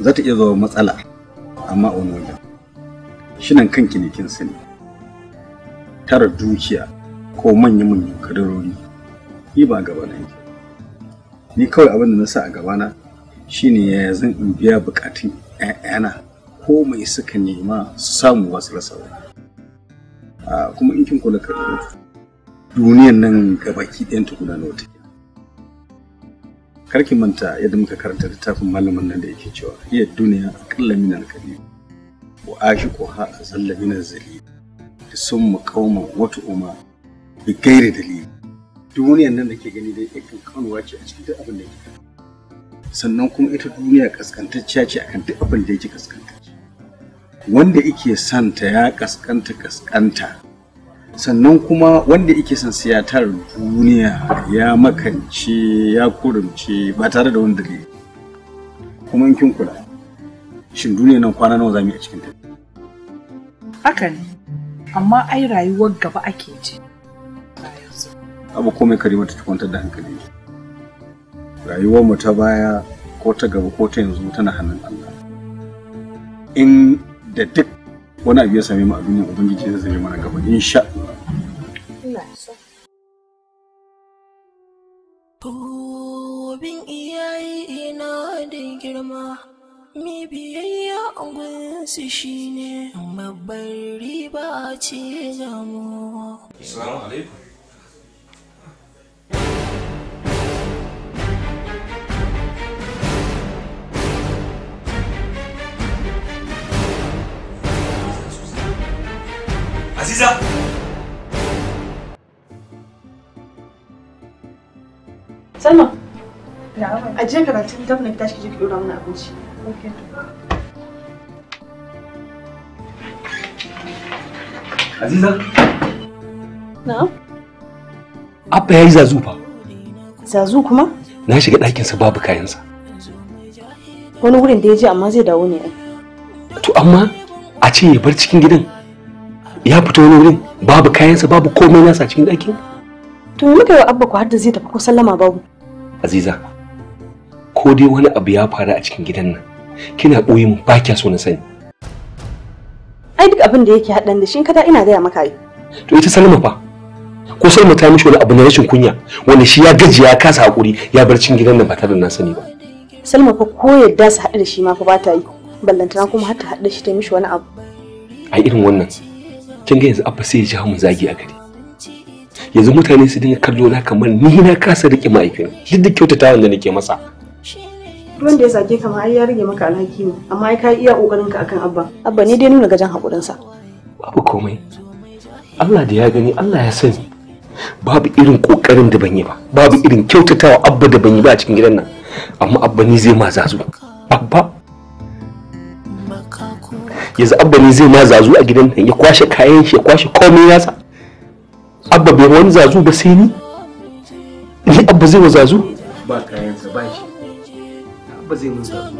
za ta iya zama matsala amma a wani wajen shinan kan kinikin su ne tara dukiya ko manya-manyan kadarori ni ba gaba na yake ni kawai abin da na sa a gabana shine ya zan in biya bukatun 'ya'yana ko mai suka nema su samu wasu rasa ah, kuma in kin kula ka duniyan nan gabaki ɗayan tukuna na wata karki manta yadda muka karanta littafin malamin nan da yake cewa iya duniya a kalla minar kalim wa ha a zalla minar zali da sun mu kauma wa tu'ma bi ghairi dalil duniyan nan da ke gani dai yakan kanuwa ce a cikin duk abin da yake sannan kuma ita duniya kaskantacciya ce akan duk abin da yake kaskantacce wanda yake santa ya kaskanta kaskanta sannan kuma wanda yake son siyatar duniya ya makance ya kurumce ba tare da wanda dalili kuma in kin kula shin duniya nan kwana nawa zamu yi a cikin ta haka ne amma ai rayuwar gaba ake ce abu komai karima ta kwantar da hankali rayuwar mu ta baya ko ta gaba ko ta yanzu tana hannun Allah in da duk wani abu ya same mu a duniya ubangiji zai same mana gaba insha mi biyayya shine babbar riba ce Assalamu alaikum Liza! Salma, Aziza? Abba ya yi zazu fa. Zazu kuma? Na shiga ɗakinsa babu kayansa. Wani wurin da ya je amma zai dawo ne. To amma a ce ya bar cikin gidan ya fito wani wurin babu kayansa babu komai nasa cikin ɗakin to muka yi wa abba ku har da zai tafi ko sallama babu aziza ko dai wani abu ya faru a cikin gidan nan kina ɓoye ba kya so na sani ai duk abin da yake haɗan da shi kada ina gaya maka yi to ita salma fa ko salma ta mishi wani abu na rashin kunya wanda shi ya gaji ya kasa hakuri ya bar cikin gidan nan ba tare da na sani ba salma fa ko yadda su haɗu da shi ma fa ba ta yi ballantana kuma har ta haɗu da shi ta mishi wani abu ai irin wannan kin ga yanzu abba sai ya ji hamun zagi a gari yanzu mutane su dinga kallo na kamar ni na kasa rike mahaifin duk da kyautata wanda nake masa ruwan da ya zage kama ai ya rage maka alhaki ne amma ai ka iya kokarin ka akan abba abba ni dai nuna gajan hakurin sa babu komai Allah da ya gani Allah ya sani babu irin kokarin da ban yi ba babu irin kyautatawa abba da ban yi ba a cikin gidan nan amma abba ni zai ma zazu abba yanzu abba ne zai ma zazu a gidan nan ya kwashe kayan shi ya kwashe komai yasa abba bai wani zazu ba sai ni ni abba zai wa zazu ba kayan sa ba shi abba zai mun zazu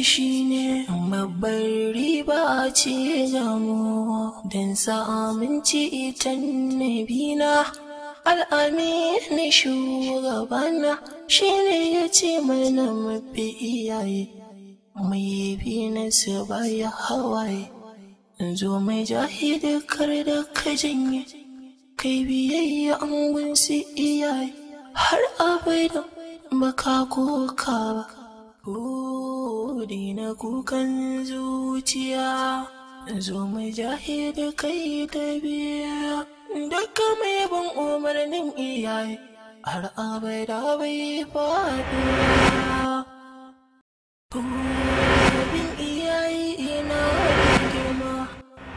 su ne. babbar riba ce gamu don samun ci itan nabina al'amini shugabana shine ya ce mana mafi iyaye mai bi na su baya hawaye zo mai jahidi kar da ka janye kai biyayya an su iyaye har abai da baka ba na kukan zuciya zo mu jahili kai ta biya duka mai ban umarnin iyaye har abada bai faɗi Abin iyaye ina da girma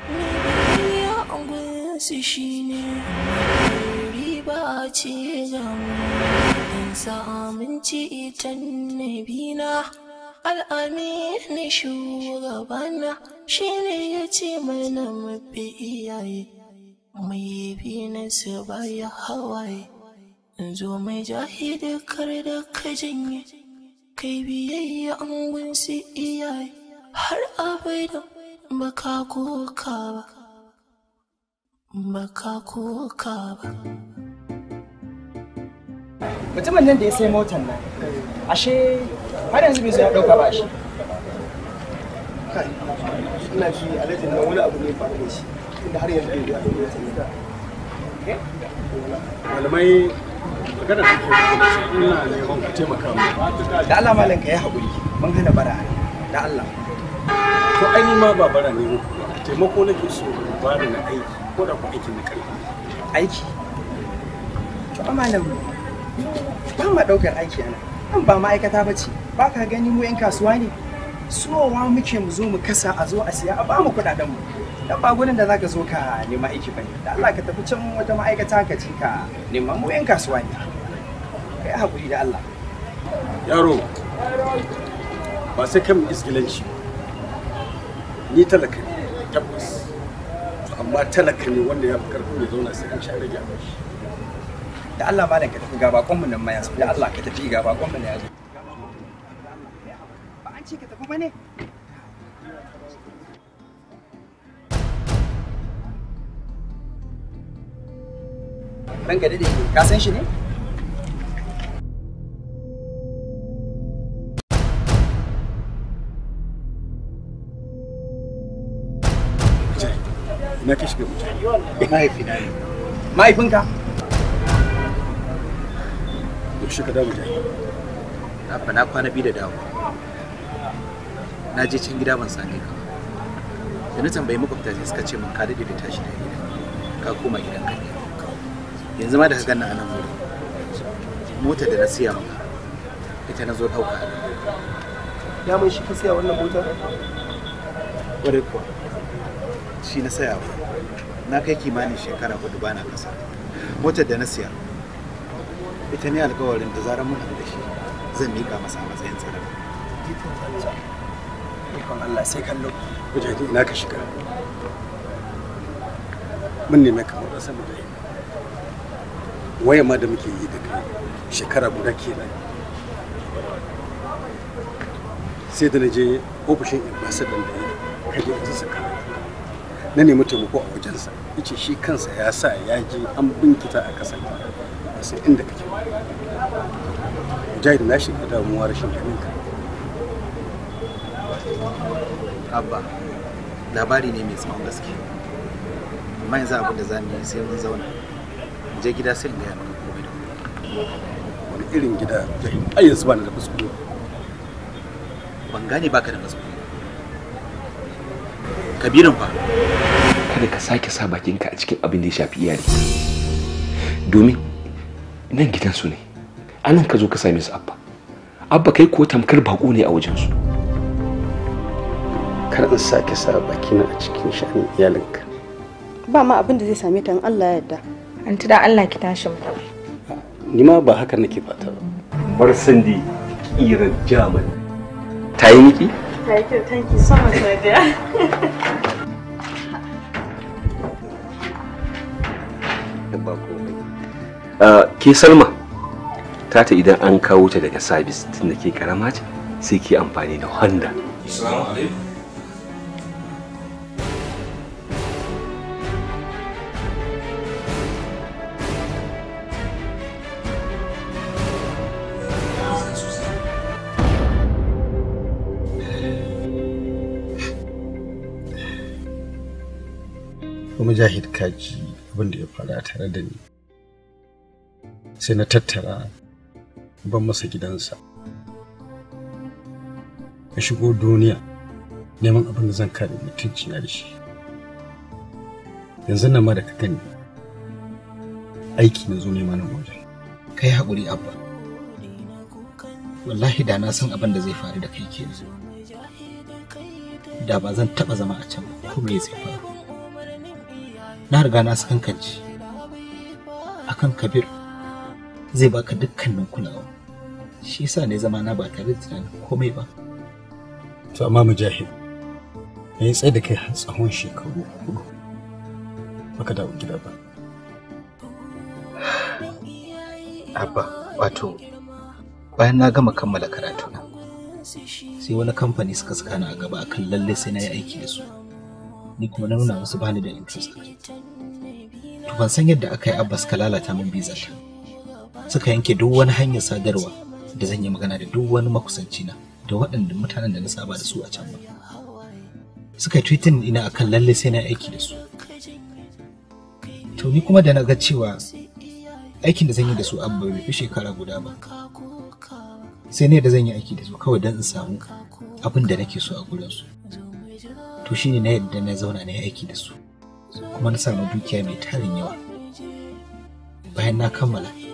ni biya gunsu shine riba ce gamu in sa aminci ita nabina. al'amini shugabana shi ne ya ce mana mafi iyaye mai bi na su baya hawaye in zo mai da kar da ka janye kai biyayya an gunsi iyaye har abadan baka ba baka koka ba mutumin nan da ya sai motar nan ashe har yanzu bai ya dauka ba shi ina ji alajin nan wani abu ne faru da shi inda har yanzu bai ya dauka motar nan eh? malamai magana da ke ina neman ku taimaka mu da Allah malam ka yi haƙuri mun hana bara da Allah ko an ma ba bara ne taimako nake so ba bani na aiki ko da ku aiki na karfi aiki to amalan ba ma ɗaukar aiki ana nan ba ma'aikata ba ce ba ka gani mu 'yan kasuwa ne suwawa muke mu zo mu kasa a zo a siya a ba mu kuɗaɗen mu dan ba gurin da zaka zo ka nema aiki bane da Allah ka tafi can wata ma'aikata ka ci ka nema mu 'yan kasuwa ne kai hakuri da Allah yaro ba sai kan isgilanci ni talaka ne tabbas amma talaka ne wanda ya fi ƙarfin ya zauna sai an sha rage a da Allah malam ka tafi ga bakon mu nan ma yanzu da Allah ka tafi ga bakon mu ne yazo ba an ce ka tafi ba ne ga dade ka san shi ne na kishi ga mutane mahaifinka yaushe ka dawo gida na fa na kwana biyu da dawo na je can gida ban same ka da na tambayi makwabta sai suka ce min ka daɗe da tashi da gida ka koma gidan ka yanzu ma da ka ganna a nan wurin motar da na siya maka ita na zo ɗauka a nan daman shi ka siya wannan motar ƙwarai kuwa shi na saya na kai kimanin shekara hudu bana kasa motar da na siya ita ne alkawarin da zarar mun da shi zan miƙa masa a matsayin tsara. ikon Allah ikon Allah sai kallo mujahidi ina ka shiga mun neme ka mu rasa mujahidi waya ma da muke yi da kai shekara guda kenan sai da na je ofishin ambassador da ya kaje ka saka na nemi taimako a wajensa ice shi kansa ya sa ya je an binkita a kasar a sai inda kake jai na shiga damuwa rashin ganin ka abba labari ne mai tsawon gaske amma yanzu abin da za mu yi sai mun zauna je gida sai in gaya maka komai da wani irin gida ai yanzu ba na da fuskuru ban gane baka da fuskuru kabirin fa kada ka sake sa bakinka a cikin abin da ya shafi iyali domin nan gidansu ne a nan ka zo ka same su abba abba kai ko tamkar bako ne a wajensu kar in sake sa bakina a cikin sha'anin iyalinka ba ma abin da zai same ta in Allah ya yarda an da Allah ki tashi mu ni ma ba haka nake fata ba bar sandi kiran jaman ta yi miki ta yi thank you so much my dear Eh, ke salma tata idan an kawo ta daga sabis tun da ke karama ce sai ke amfani da honda Mujahid kaji abin ya faru tare da ni. sai na tattara ban masa gidansa ya shigo duniya neman abin da zan kare mutunci na da shi yanzu nan ma da ka gani aiki na zo neman nan kai hakuri abba wallahi da na san abin da zai faru da kai ke da ba zan taɓa zama a can ko me zai faru na riga na sakankance akan kabir zai baka dukkanin kulawa shi yasa ne zama na ba tare da tunanin komai ba to amma mujahid na yi tsaye da kai tsawon shekaru hudu baka dawo gida ba abba wato bayan na gama kammala karatu na sai wani kamfani suka saka ni a gaba akan lalle sai na yi aiki da su ni kuma na nuna musu bani da interest to ban san yadda aka yi abba suka lalata min bizar suka yanke duk wani hanyar sadarwa da zan yi magana da duk wani makusanci na da waɗanda mutanen da na saba da su a can ba suka tweetin ina akan lalle sai na aiki da su to ni kuma da na ga cewa aikin da zan yi da su abba bai fi shekara guda ba sai ne da zan yi aiki da su kawai don in samu abin da nake so a gurinsu to shine na yadda na zauna na yi aiki da su kuma na samu dukiya mai tarin yawa bayan na kammala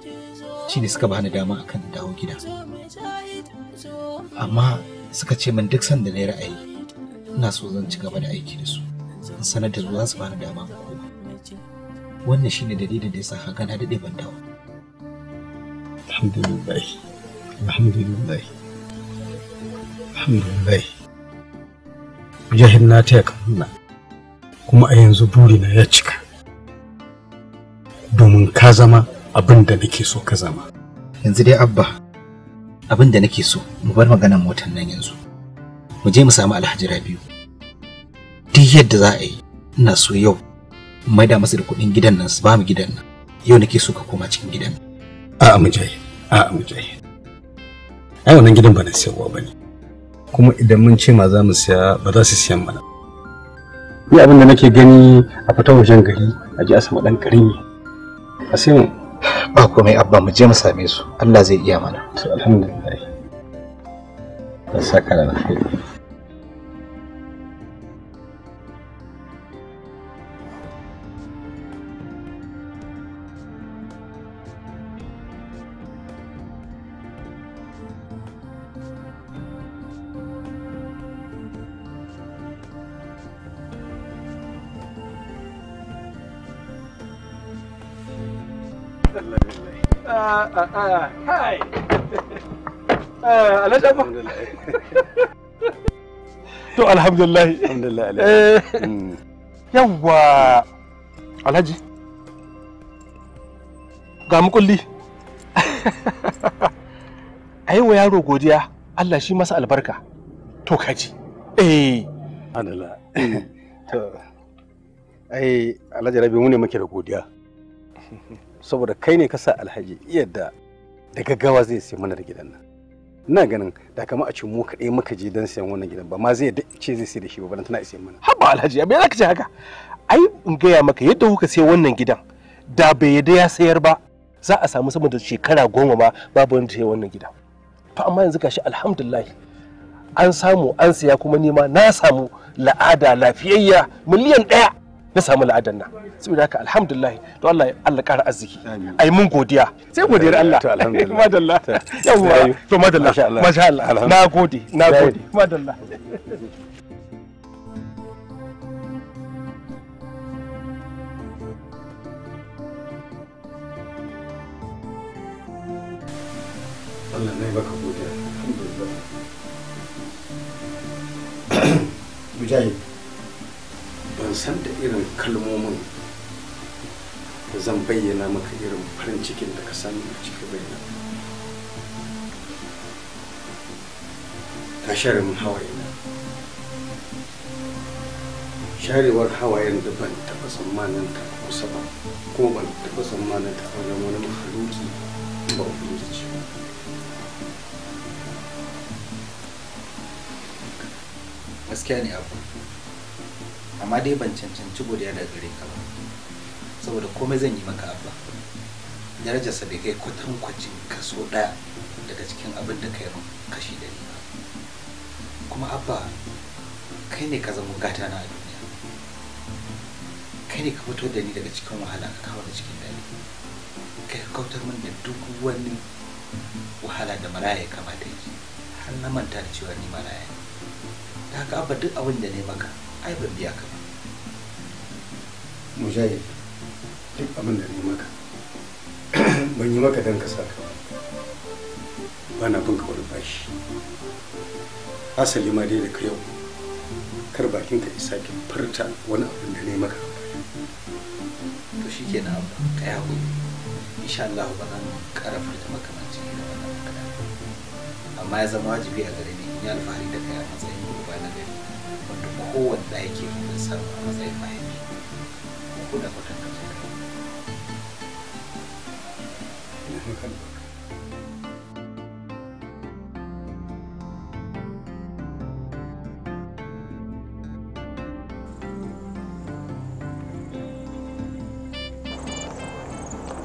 ne suka bani dama akan dawo gida amma suka ce min duk sanda na ra'ayi ina so zan ci gaba da aiki da su in sanar da zuwa za su bani dama a koma wannan ne dalilin da ya sa haka na daɗe ban dawo alhamdulillah alhamdulillah alhamdulillah mujahid na taya kamuna kuma a yanzu burina ya cika domin ka zama abin da nake so ka zama yanzu dai abba abin da nake so mu bar magana motar nan yanzu mu je mu samu alhaji rabiu duk yadda za a yi ina so yau mai da masa da kuɗin gidan nan su ba mu gidan nan yau nake so ka koma cikin gidan a'a mujahid a'a mujahid ai wannan gidan ba na siyarwa ba ne kuma idan mun ce ma za mu siya ba za su siyan mana ni abin da nake gani a fita wajen gari a ji a sama ɗan ne. a sai mu. ba komai abba mu je mu same su Allah zai iya mana alhamdulillah saka da Hai. Eh, Alhaji Abba. To alhamdulillah. Alhamdulillah. Eh, mm. Yawwa. Alhaji. Ga mukulli. wa yaro godiya Allah shi masa albarka. To kaji. Eh. Alhamdulillah. To. Ai Alhaji Rabi mu ne muke da godiya. saboda kai ne ka sa alhaji yadda da gaggawa zai sai mana da gidan nan ina ganin da kama a ce mu kaɗai muka je don sayan wannan gidan ba ma zai da ce zai sai da shi ba balantana a sayan mana haba alhaji abin za ka ce haka ai in gaya maka yadda kuka sai wannan gidan da bai yadda ya sayar ba za a samu saboda shekara goma ba babu wanda ya wannan gidan fa amma yanzu gashi alhamdulillah an samu an siya kuma nima na samu la'ada lafiyayya miliyan ɗaya na samu la'adan nan saboda haka alhamdulillah to Allah ya Allah ƙara arziki ai mun godiya sai godiyar Allah madalla yawwa to madalla masha Allah na gode na gode madalla Allah ne baka godiya alhamdulillah mujahid ban san da irin kalmomin da zan bayyana maka irin farin cikin da ka sami a cikin bayyana ta share min hawaye na sharewar hawayen da ban taɓa tsammanin ta kusa ba kuma ban taɓa tsammanin ta wajen wani mahaluki ba ubangiji ba gaskiya ne abu amma dai ban cancanci godiya da gare ka ba saboda komai zan yi maka abba sa bai kai kwatankwacin kaso ɗaya daga cikin abin da kai mun kashi da ba kuma abba kai ne ka zama gata na a duniya kai ne ka fito da ni daga cikin wahala ka kawo da cikin dani kai ka kautar min da duk wani wahala da mara ya kamata yi har na manta da cewa ni ya ne da haka abba duk abin da ne maka ai ban biya ka ba mujahid duk abin da yi maka ban yi maka don ka saka ba na bin ka wani bashi asali ma dai da ka yau kar bakin ka isa ki furta wani abin da ne maka to shi ke na abu ka yi haƙuri insha Allah ba zan ƙara furta makamancin da wannan amma ya zama wajibi a gare ni in yi alfahari da kai a matsayin gurba na gari kowanne da yake da sarwa a matsayin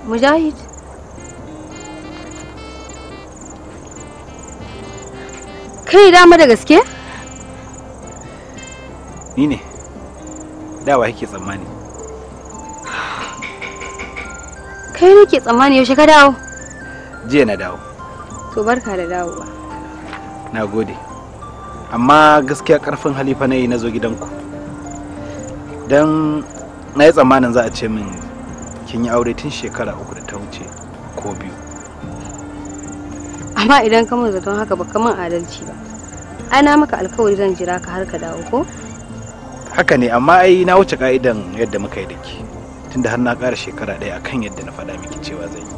Mujahid kai dama da gaske? ni ne dawa yake tsammani kai nake tsammani yaushe ka dawo jiya na dawo to barka da dawowa na gode amma gaskiya karfin halifa na yi na zo gidanku don na yi tsammanin za a ce min kin yi aure tun shekara uku da ta wuce ko biyu amma idan ka mun zaton haka ba kaman adalci ba ana maka alkawari zan jira ka har ka dawo ko haka ne amma ai na wuce ka'idan yadda muka yi da ke tunda har na ƙara shekara ɗaya akan yadda na faɗa miki cewa zai yi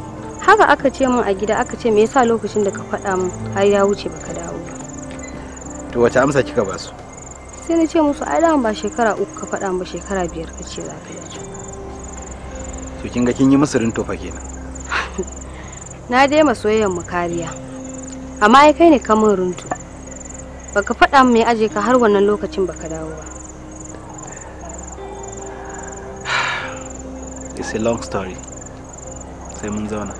haka aka ce min a gida aka ce me yasa lokacin da ka faɗa min har ya wuce baka dawo ba to wata amsa kika ba su sai na ce musu ai ba shekara uku ka faɗa ba shekara biyar ka ce za ka yi to kin ga kin yi musu tofa kenan na dai soyayyar mu kariya amma ai kai ne ka min runtu baka faɗa min me aje ka har wannan lokacin baka dawo ba it's a long story sai mun zauna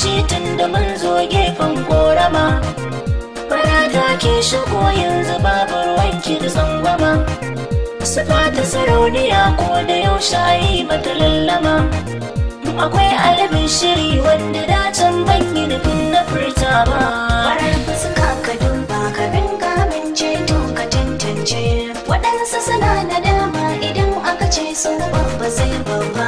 shi tun da mun zo gefen korama fara ke shi ko yanzu babu wanki da tsangwama sufa ta sarauniya ko da yaushe ayi mata lallama akwai alibin shiri wanda dacen ban da nufin na furta ba farar ka waɗansu suna na dama idan aka ce sun babba zai babba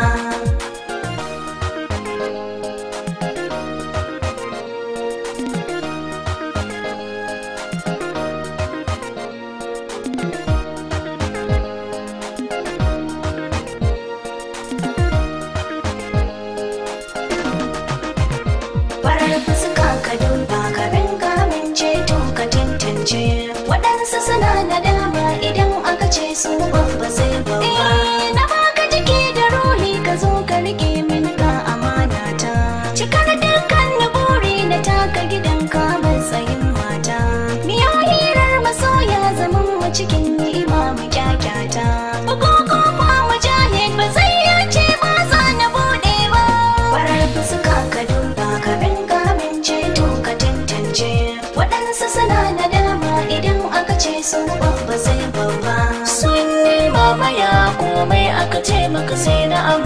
ce maka sai na am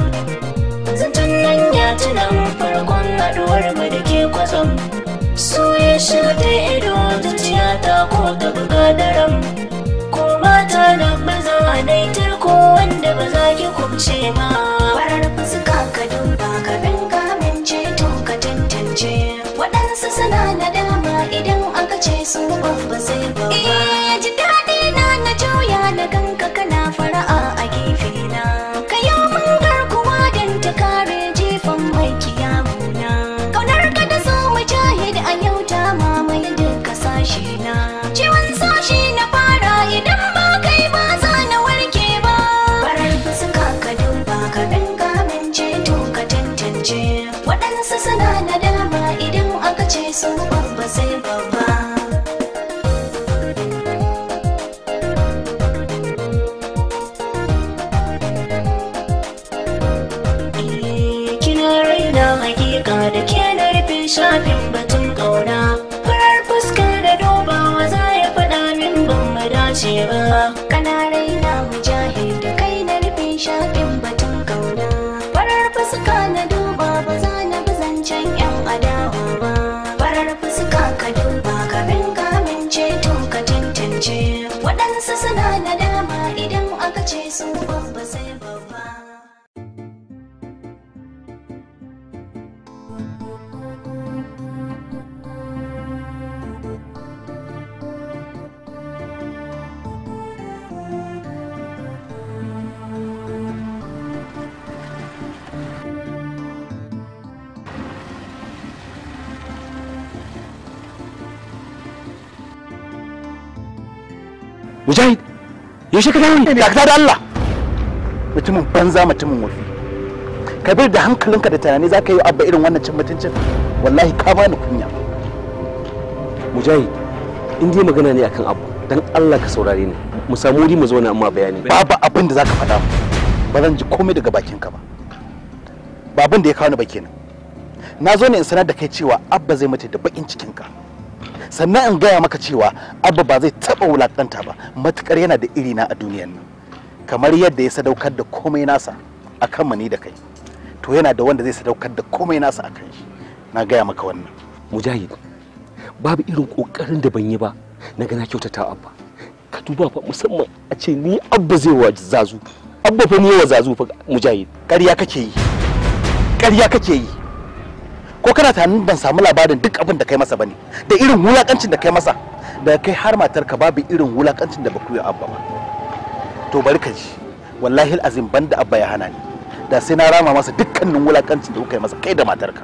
zancen nan ya nan farkon haduwar mu da ke kwatsam so ya shiga ta ido zuciya ta ko ta buga daram ko mata na maza naitar ko wanda ba za ki kumce ma farar fuska ka duba ka dinga mince to ka tantance waɗansu suna na dama idan aka ce sun ba ba sai ba eh, ji daɗi na na juya na ganka kana fara'a a gefe shi ka dawo dakata da Allah mutumin banza mutumin wafi bir da hankalinka da tunani zaka yi abba irin wannan cin mutuncin wallahi ka bani kunya mujahid in dai magana ne akan abu dan Allah ka saurare ni mu samu wuri mu zauna amma bayani babu abin da zaka faɗa ba zan ji komai daga bakinka ba ba abin da ya kawo ni ba kenan na zo ne in sanar da kai cewa abba zai mutu da bakin cikinka sannan in gaya maka cewa abba ba zai taba wulakanta ba matukar yana da iri na a duniyan nan kamar yadda ya sadaukar da komai nasa a mu ni da kai to yana da wanda zai sadaukar da komai nasa kan shi na gaya maka wannan mujahid babu irin kokarin da ban yi ba na gana kyautata abba ka duba fa musamman a ce ni abba zai wa zazu abba fa ni wa zazu fa mujahid ƙarya kake yi ƙarya kake yi ko kana tunanin ban samu labarin duk abin da kai masa bane da irin wulakancin da kai masa da kai har matar ka babu irin wulakancin da baku yi abba ba to bari ka ji wallahi azim banda abba ya hana ni da sai na rama masa dukkanin wulakancin da kuka masa kai da matar ka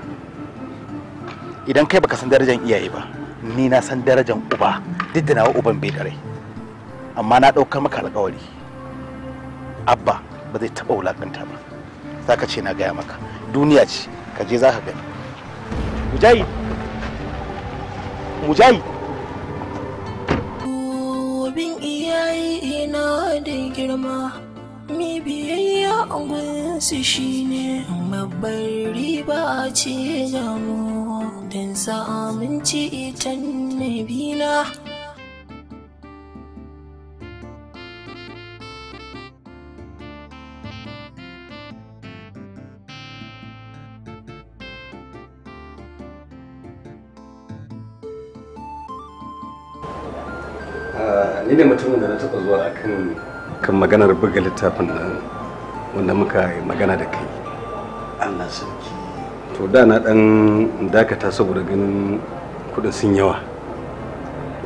idan kai baka san darajar iyaye ba ni na san darajar uba duk da nawa uban bai dare amma na ɗaukar maka alƙawari abba ba zai taɓa wulakanta ba za ka ce na gaya maka duniya ce ka je za ka gani mujahid mujahid bin iyaye na da girma mi biyayya a gunsu shine babbar riba ce damu don sa aminci ita nabila ni ne mutumin da na taba zuwa akan kan maganar buga littafin nan wanda muka yi magana da kai allah sarki to da na dan dakata saboda ganin kudin sun yawa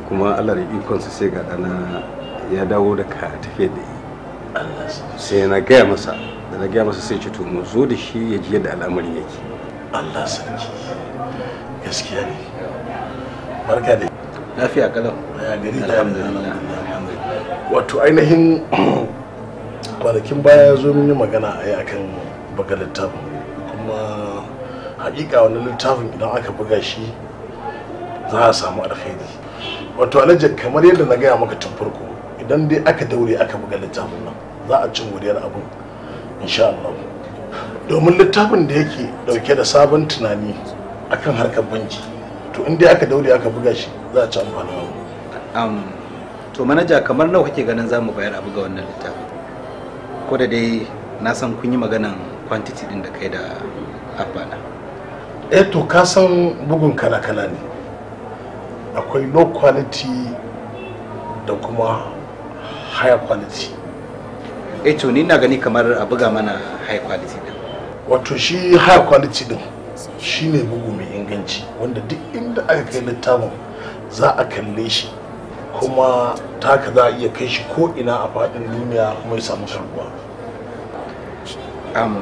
kuma allah da ikonsa sai ga dana ya dawo da ka tafiya da sai na gaya masa da na gaya masa sai ce to mu zo da shi ya ji yadda al'amarin yake Allah sarki gaskiya ne barka da lafiya kalau wato ainihin kwanakin baya zo mini magana a akan buga littafin kuma hakika wani littafin idan aka buga shi za a samu alheri wato alhaji kamar yadda na gaya maka tun farko idan dai aka daure aka buga littafin nan za a cin wuriyar abin insha Allah domin littafin da yake dauke da sabon tunani akan harkar banki to in dai aka daure aka buga shi za a ci amfanin um, to manaja kamar nawa kake ganin za mu bayar a buga wannan littafin ko da dai na san kun yi maganan quantity din da kai da abana eh to ka san bugun kala kala ne akwai low quality da kuma high quality eh to ni na gani kamar a buga mana high quality din wato shi high quality din shine bugu mai inganci wanda duk inda aka kai littafin za a kalle shi kuma taka za a iya kai shi ko ina a faɗin duniya kuma ya samu karbuwa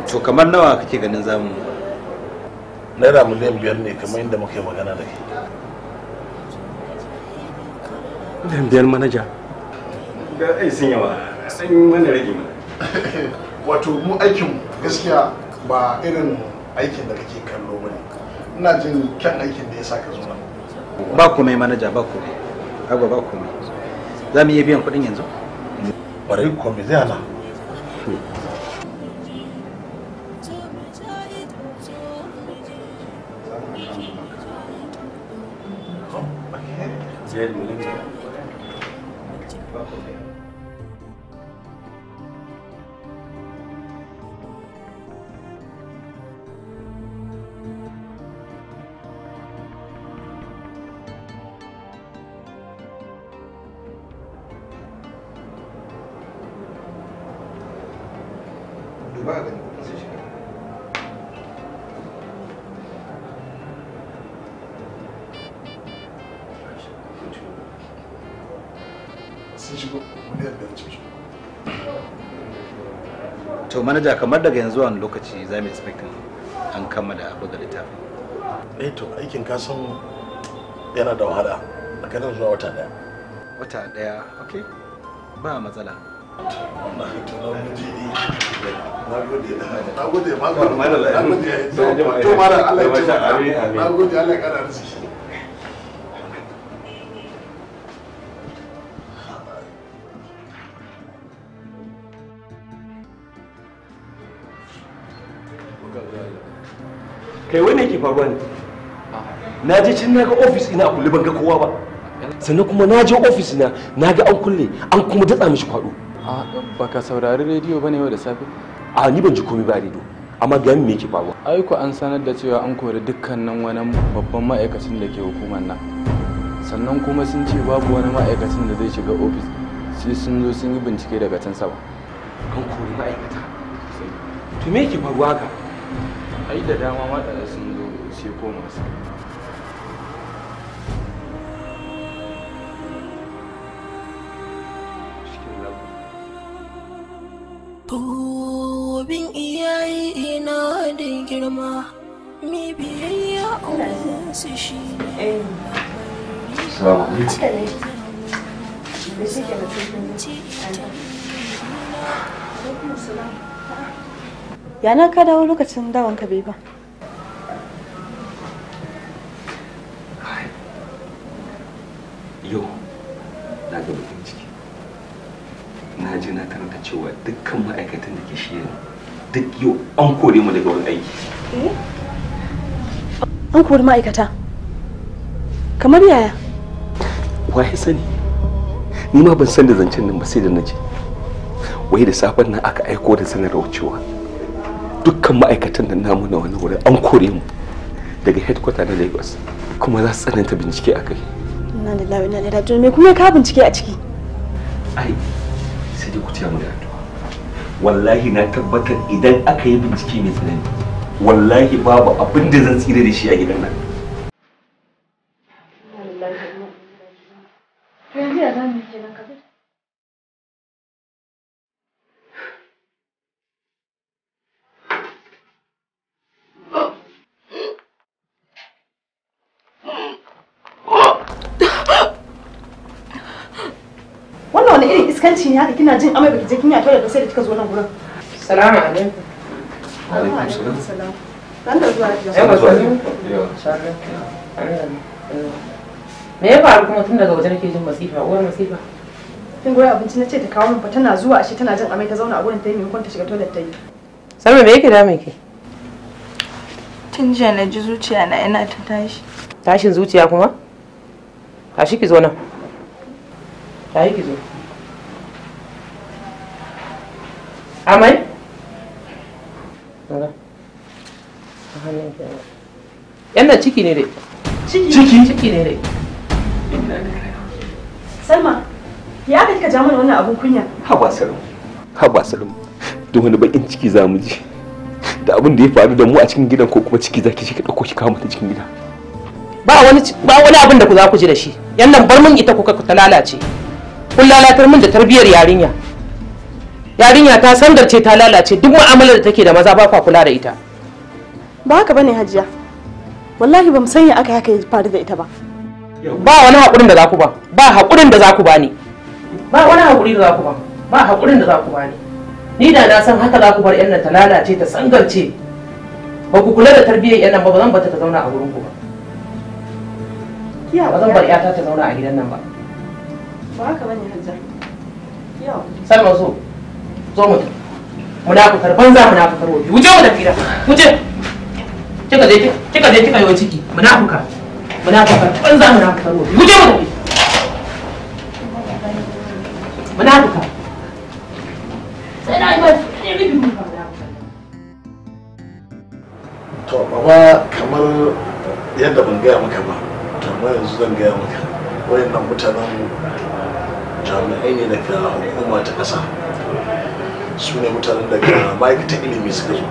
to kamar nawa kake ganin zamu naira miliyan biyar ne kamar inda muka yi magana da ke miliyan biyar manaja ga ai sun yawa sun mana rage mana wato mu aikin gaskiya ba irin aikin da kake kallo ina jin kyan aikin da ya saka zuwa ba ku mai manaja ba ku agwa ba ku mai za mu iya biyan kuɗin yanzu ƙwarai mai zai ana Yeah, manaja kamar daga yanzu wani lokaci za mu expecting an kammala buga littafin eh to aikin san yana da wahala tsakanin zuwa wata daya wata daya okay ba matsala na gode kai wani yake faruwa ne na je can na ga ofis ina a kulle ban ga kowa ba sannan kuma na je ofis na na ga an kulle an kuma datsa mishi kwado ba ka saurari rediyo ba yau da safe a ni ban ji komai ba rediyo amma ga me yake faruwa ai ku an sanar da cewa an kori dukkanin wani babban ma'aikacin da ke hukumar nan sannan kuma sun ce babu wani ma'aikacin da zai shiga ofis sai sun zo sun yi bincike daga can sama kan kori ma'aikata to me yake faruwa ka. ai da dama waɗanda sun zo sai ko masu Tobin iyaye ina da girma, mai biyayya a su shi ne. Salamu ya na ka dawo lokacin dawon ka bai ba yau na ga bakin ciki na ji na karanta cewa dukkan ma'aikatan da ke shiya duk yau an kore mu daga wani aiki eh? an kori ma'aikata kamar yaya waye sani ni ma ban san da zancen nan ba sai da na ce wai da safen nan aka aiko da sanarwa cewa dukkan ma'aikatan da namu na wani wurin an kore mu daga headquarter na lagos kuma za su tsananta bincike a kai na lillahi na da rajiun me kuma ka bincike a ciki ai sai dai ku ci mu da addu'a wallahi na tabbatar idan aka yi bincike mai tsanani wallahi babu abin da zan tsira da shi a gidan nan kishi ne haka kina jin amai baki je kin ya tare da sai da kika zo nan gurin salamu alaikum alaikum salam dan da zuwa ya zuwa zuwa me ya faru kuma tun daga waje nake jin masifa uwar masifa kin goyi abinci na ce ta kawo min fa tana zuwa ashe tana jin amai ta zauna a gurin ta yi maimakon ta shiga toilet ta yi salma me yake damun ki tun jiya na ji zuciya na yana ta tashi tashin zuciya kuma tashi ki zo nan tashi ki zo amai yan nan ciki ne dai ciki ciki ne dai salma ya ka kika ja mana wannan abun kunya haba salma haba salma don wani bakin ciki za mu ji da abin da ya faru da mu a cikin gidan ko kuma ciki zaki ki dauko ki kawo mata cikin gida ba wani ba wani abin da ku za ku ji da shi yan nan bar mun ita kuka ku ta lalace kun lalatar min da tarbiyyar yarinya yarinya ta sandarce ta lalace duk mu'amalar da take da maza ba kwa kula da ita ba haka bane hajiya wallahi ba mu sanya aka haka ya faru da ita ba ba wani hakurin da za ku ba ba hakurin da za ku bani ba wani hakuri da za ku ba ba hakurin da za ku bani ni da na san haka za ku bar yan nan ta lalace ta sangarce ba ku kula da tarbiyyar yan nan ba ba zan bata ta zauna a wurin ku ba ba zan bar yata ta zauna a gidan nan ba ba haka bane hajiya Salma so. zo mu munafukar banza munafukar wofi wuce mu tafi wuce kika je kika je kika yi ciki munafuka munafukar banza munafukar wofi wuce mu tafi munafuka sai na yi mai to baba kamar yadda ban gaya maka ba kamar yanzu zan gaya maka wayannan mutanen jami'ai ne daga hukuma ta ƙasa sune ne mutanen daga ma'aikatan ilimi suka zo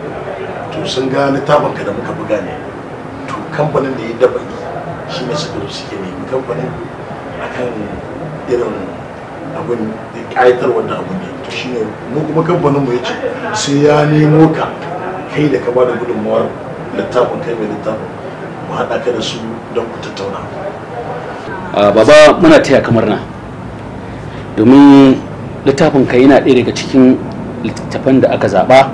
to sun ga littafin ka da muka buga ne to kamfanin da ya daba shi ne suka zo suke ne kamfanin akan irin abin da ƙayatar wanda abu ne to shi ne mu kuma kamfanin mu ya ce sai ya nemo ka kai da ka ba da gudunmawar littafin kai mai littafin mu haɗa ka da su don ku tattauna. baba muna taya kamar na domin littafin ka yana ɗaya daga cikin littattafan da aka zaɓa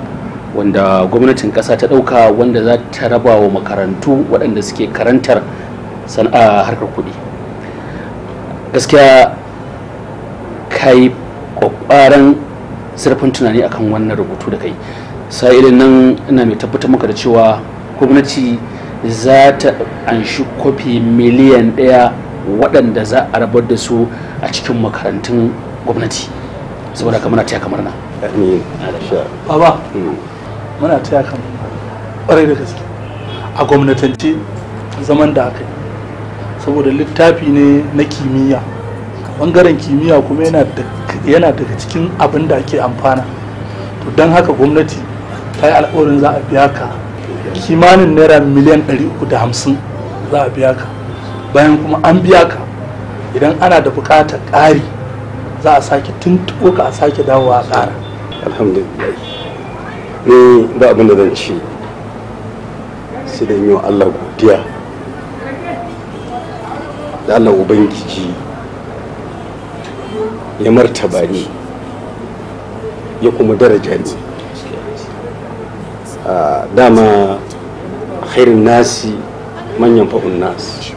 wanda gwamnatin ƙasa ta ɗauka wanda za ta raba wa makarantu waɗanda suke karantar sana'a harkar kuɗi gaskiya ka yi ƙwaƙwaran zurfin tunani akan wannan rubutu da kai sa'ilin nan ina mai tabbatar maka da cewa gwamnati za ta anshi kwafi miliyan ɗaya waɗanda za a rabar da su a cikin makarantun gwamnati saboda kamar na yi kamar nan. amin baba hmm. muna taya kan kwarai da gaske a gwamnatance zaman da aka yi saboda littafi ne na kimiyya bangaren kimiyya kuma yana daga cikin abin da ake amfana to don haka gwamnati ta yi alkawarin za a biya ka kimanin naira miliyan 350 za a biya ka bayan kuma an biya ka idan ana da bukatar ƙari za a sake tuntuɓo ka a sake dawowa a ƙara alhamdulillah ni ba abin da zan ci sai da allah godiya da allah ubangiji ya martaba ni ya kuma daraja ni ah, dama khairin nasi manyan fa'un nasi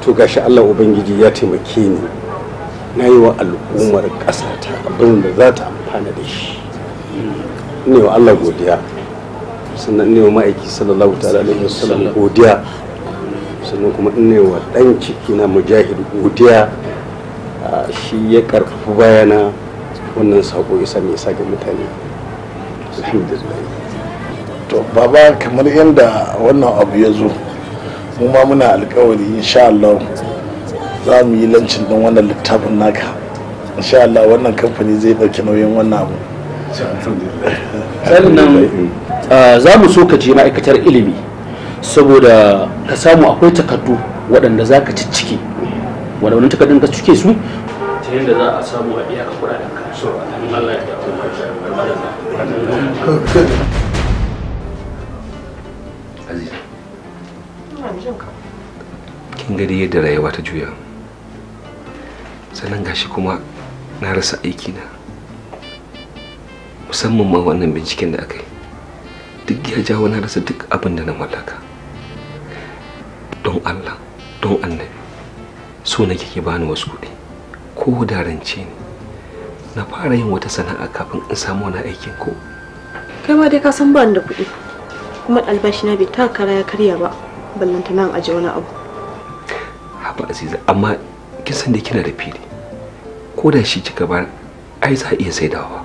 to gashi allah ubangiji ya taimake ni na yi wa al'ummar ƙasa ta abin da za ta amfana da shi ne wa Allah godiya sannan ne wa ma'aiki sallallahu ta'ala alaihi wasallam godiya sannan kuma ne wa ɗan ciki na mujahidu godiya shi ya karfafi bayana wannan sako isa mai isa ga mutane alhamdulillah to baba kamar yadda wannan abu ya zo mu ma muna alkawari insha Allah za mu yi lancin don wannan littafin naka insha Allah wannan kamfani zai ɗauki nauyin wannan abu sannan ah, za mu so ka je ma'aikatar ilimi saboda ka samu akwai takardu waɗanda za ka ciccike waɗanda wani takardun ka cike su ta yadda za a samu a iyaka kuɗaɗen ka so Allah ya Aziz. Kin gari yadda rayuwa ta juya. sannan gashi kuma na rasa aiki na musamman ma wannan binciken da aka yi duk ya jawo na rasa duk abin da na mallaka don allah don annabi so nake ke bani wasu kuɗi ko da rance ne na fara yin wata sana'a kafin in samu wani aikin ko kai ma dai ka san ba da kuɗi kuma albashi na bai takara ya karya ba ballanta nan aje wani abu haba aziza amma kin san da kina da fili ko da shi kika bar ai za iya saidawa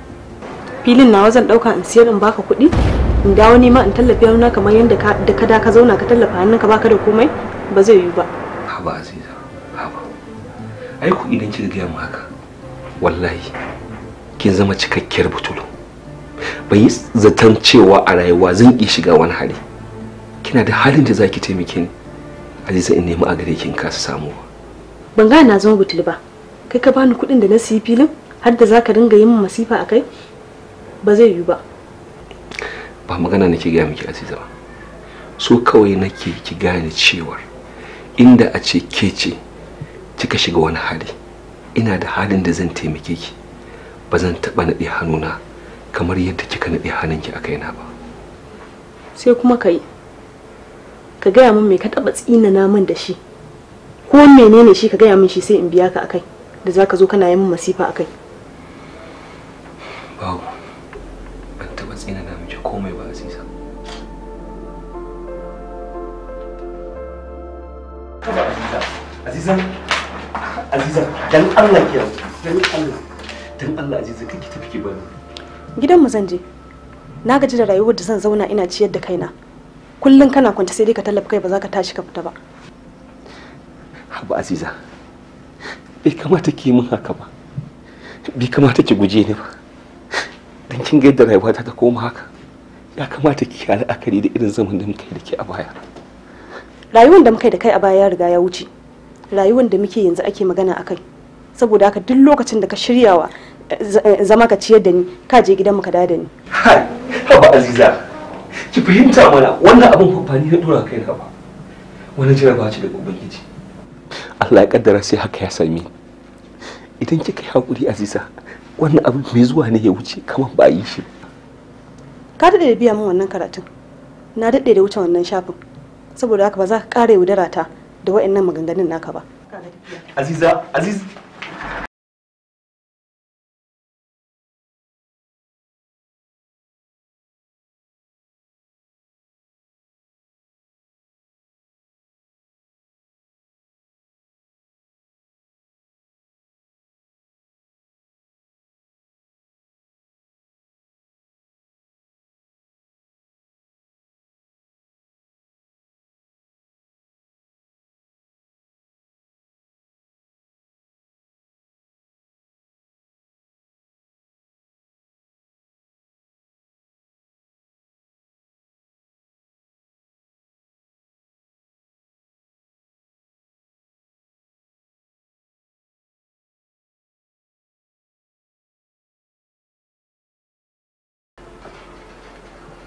filin nawa zan dauka in siyar in baka kuɗi in dawo nema in tallafi hannuna kamar yadda ka da ka zauna ka tallafa ka baka da komai ba zai yiwu ba haba aziza haba ai ku idan kika gaya mu haka wallahi kin zama cikakkiyar butulu Bai yi zaton cewa a rayuwa zan ki shiga wani hali kina da halin da zaki taimake ni aziza in nemi a gare kin kasa ba. ban gane na zama butul ba kai ka bani kuɗin da na siyi filin har da zaka dinga yin masifa akai ba zai yi ba ba magana nake gaya miki aziza ba so kawai nake ki gane cewar inda a ce ke ce kika shiga wani hali ina da halin da zan taimake ki ba zan taɓa naɗe hannuna kamar yadda kika naɗe hannunki a kaina ba sai kuma ka ka gaya min me ka taɓa tsinana min da shi ko menene shi ka gaya min shi sai in biya ka akai da za ka zo kana yi min masifa akai Bawo, ban taɓa tsina na mace komai ba aziza aziza aziza dan allah ke dan allah dan allah aziza kake tafi ki bani gidan mu zan je na gaji da rayuwar da zan zauna ina ciyar da kaina kullum kana kwance sai dai ka tallafa kai ba za ka tashi ka fita ba Abu aziza bai kamata ki min haka ba bai kamata ki guje ni ba don kin ga yadda rayuwa ta koma haka ya kamata ki yi la'akari da irin zaman da muka yi da ke a baya rayuwar da muka yi da kai a baya ya riga ya wuce rayuwar da muke yanzu ake magana a kai saboda haka duk lokacin da ka shiryawa eh, zama ka ciyar da ni ka je gidan ka da ni hai Abu aziza ki fahimta mana wannan abin ba ni na dora kai na ba wani jarabawa da daga ubangiji Allah ya kaddara sai haka ya same idan kika yi hakuri Aziza wannan abu mai zuwa ne ya wuce kamar ba yi shi ka daɗe da biya min wannan karatun na daɗe da wuce wannan shafin saboda haka ba za ka ƙara yaudara ta da wa'annan maganganun naka ba aziza aziz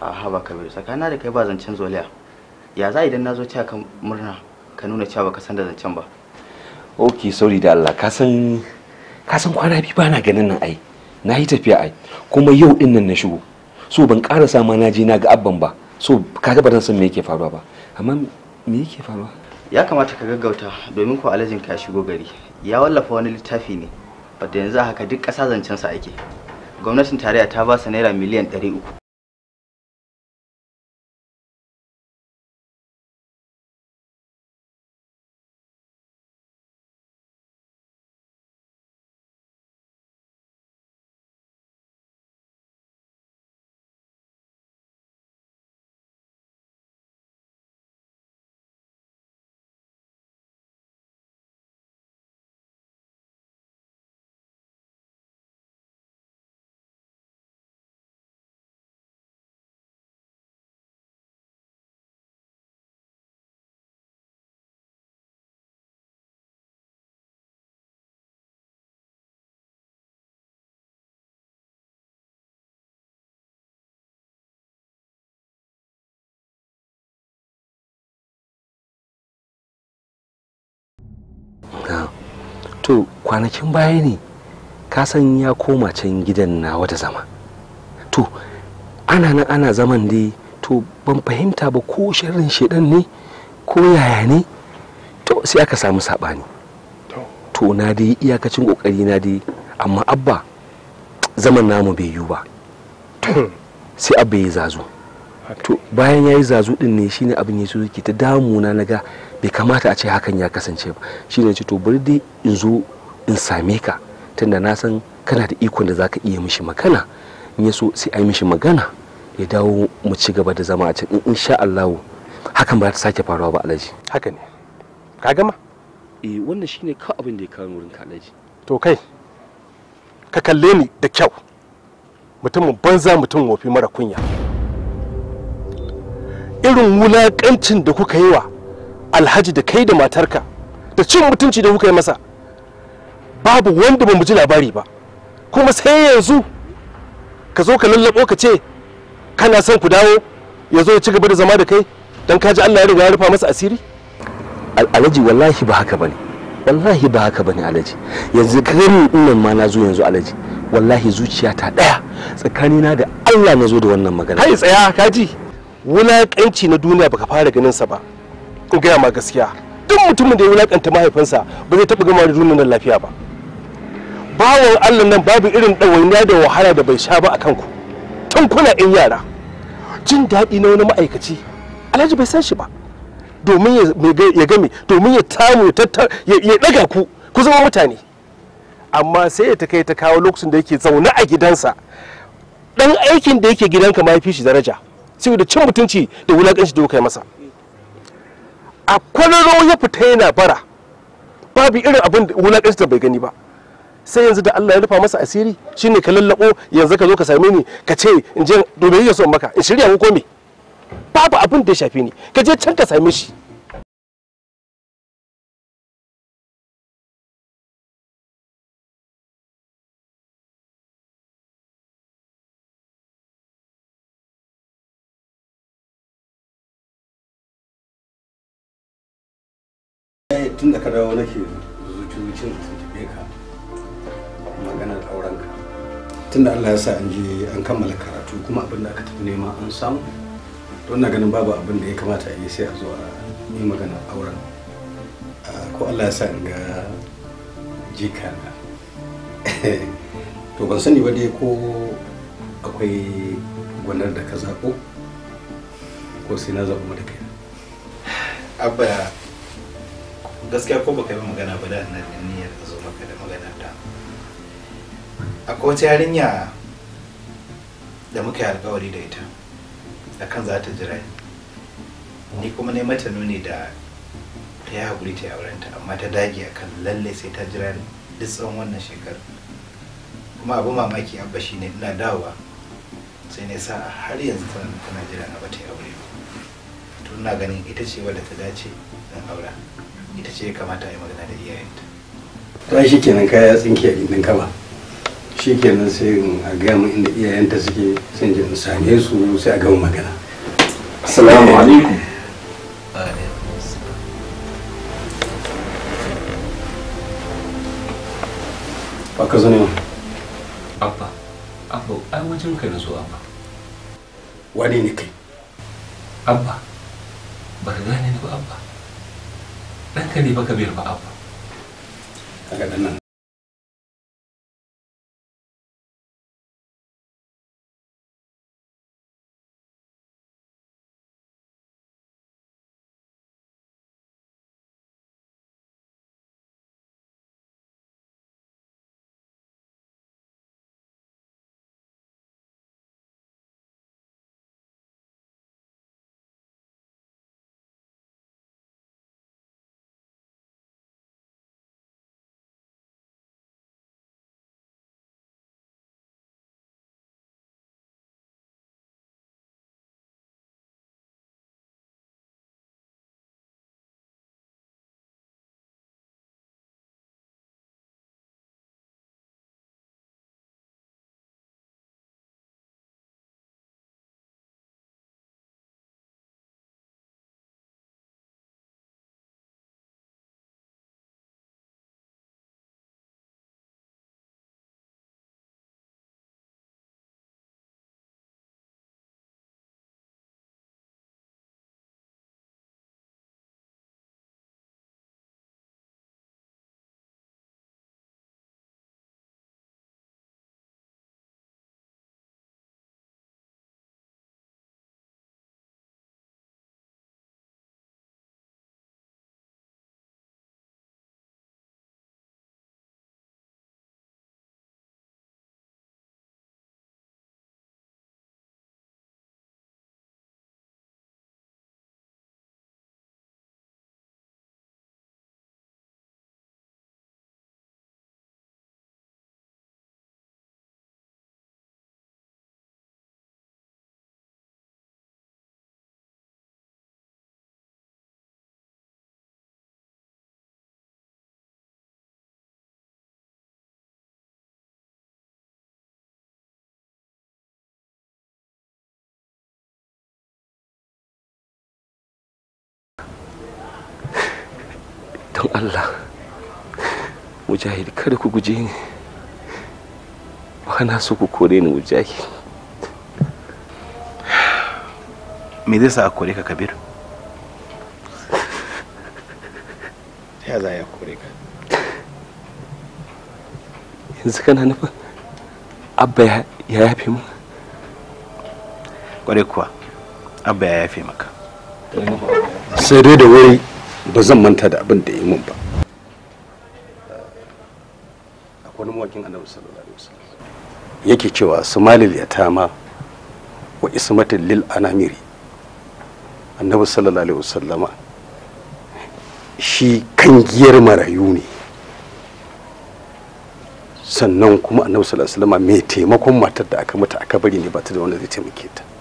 a haba kabiru tsakana da kai ba zancen zoliya ya za idan na zo cewa ka murna ka nuna cewa baka san da zancen ba ok sorry da allah ka san ka san kwana biyu ba na ganin nan ai na yi tafiya ai kuma yau din nan na shigo so ban karasa ma na je na ga abban ba so ka ga ban san me yake faruwa ba amma me yake faruwa ya kamata ka gaggauta domin ko alajin ka shigo gari ya wallafa wani littafi ne wadda yanzu haka duk ƙasa zancensa ake gwamnatin tarayya ta ba sa naira miliyan 300 to kwanakin baya ne ka san ya koma can gidan na wata zama to ana nan ana zaman dai to ban fahimta ba ko sharrin shedan ne ko yaya ne to sai aka samu saɓani to na dai iyakacin kokari na dai amma abba zaman namu bai yiwu ba sai abba ya zazu to bayan ya yi zazu din ne shine abin ya so yake ta damu na ga bai kamata a ce hakan ya kasance ba shi ne to bari dai in zo in same ka tunda na san kana da ikon da zaka iya mishi magana in ya so sai a yi mishi magana ya dawo mu ci gaba da zama a can in sha Allah hakan ba ta sake faruwa ba alaji haka ne ka gama eh wannan shine ka abin da ya kawo wurin ka alaji to kai ka kalle ni da kyau mutumin banza mutum wofi mara kunya irin wulakancin da kuka yi wa alhaji da kai da matarka da cin mutunci da kuka yi masa babu wanda ba mu ji labari ba kuma sai yanzu ka zo ka lallabo ka ce kana son ku dawo ya zo ya ci gaba da zama da kai don ka ji Allah ya riga ya rufa masa asiri alhaji wallahi ba haka bane wallahi ba haka bane alhaji yanzu ka gani nan ma na zo yanzu alhaji wallahi zuciya ta daya tsakanina da Allah na zo da wannan magana kai tsaya kaji Wulaƙanci na duniya baka fara ganin sa ba in gaya ma gaskiya duk mutumin da ya wulakanta mahaifinsa ba zai taɓa gama da nan lafiya ba bawan allah nan babu irin ɗawainiya da wahala da bai sha ba a kanku tun kuna yan yara jin daɗi na wani ma'aikaci alhaji bai san shi ba domin ya gami domin ya tamu ya ɗaga ku ku zama mutane amma sai ya ta kai ta kawo lokacin da yake zaune a gidansa ɗan aikin da yake gidanka ma ya fi shi daraja saboda cin mutunci da wulakanci da kai masa a kwararo ya fita yana bara babu irin abin da wulaƙanci da bai gani ba sai yanzu da Allah ya rufa masa asiri shine ka lallabo yanzu ka zo ka same ni ka ce in je domin ya so maka in shirya ko me babu abin da ya shafe ni ka je can ka same shi ka dawo nake zuci-zucin da tuntube ka maganar aurenka tunda Allah ya sa an je an kammala karatu kuma abin da aka tafi nema an samu to ina ganin babu abin da ya kamata a yi sai a zo a yi maganar auren ko Allah ya sa in ga jika na to ban sani ba dai ko akwai gwanar da ka zaɓo ko sai na zaɓi mata kai abba gaskiya ko baka yi magana ba da nan niyyar ka zo maka da magana ta akwai wata yarinya da muka yi alkawari da ita a kan za ta jira ni kuma ne mata nuni da ta yi haƙuri ta yi aurenta, amma ta dage a kan lalle sai ta jira duk tsawon wannan shekaru. kuma abu mamaki abba ne, ina dawowa sai ne sa har yanzu tana jira na bata yi aure to ina ganin ita ce wadda ta dace don aura ita ce ya kamata yi magana da iyayenta ta shi kenan kaya tsinke a gindin kaba shi kenan sai a gaya mu inda iyayenta suke sun je in same su sai a gama magana assalamu eh. alaikum ba ka zo abba abba ai wajen ka na zo abba Wani ne kai abba ba ka gane ni ba abba ɗanka ne baka bai ba abu don allah mujahid kada ku guje ni ba na so ku kore ni mujahid me zai sa a kore ka kabir ya za ya kore ka yanzu kana nufin abba ya yafe mu kwarai kuwa abba ya yafe maka sai dai da wuri ba zan manta da abin da ya mun ba akwai mawakin annabi sallallahu alaihi wasallam yake cewa sumalil yatama wa ismatil lil anamiri annabi sallallahu alaihi wasallama shi kangiyar marayu ne sannan kuma annabi sallallahu alaihi wasallama mai taimakon matar da aka mata aka bari ne ba ta da wanda zai taimake ta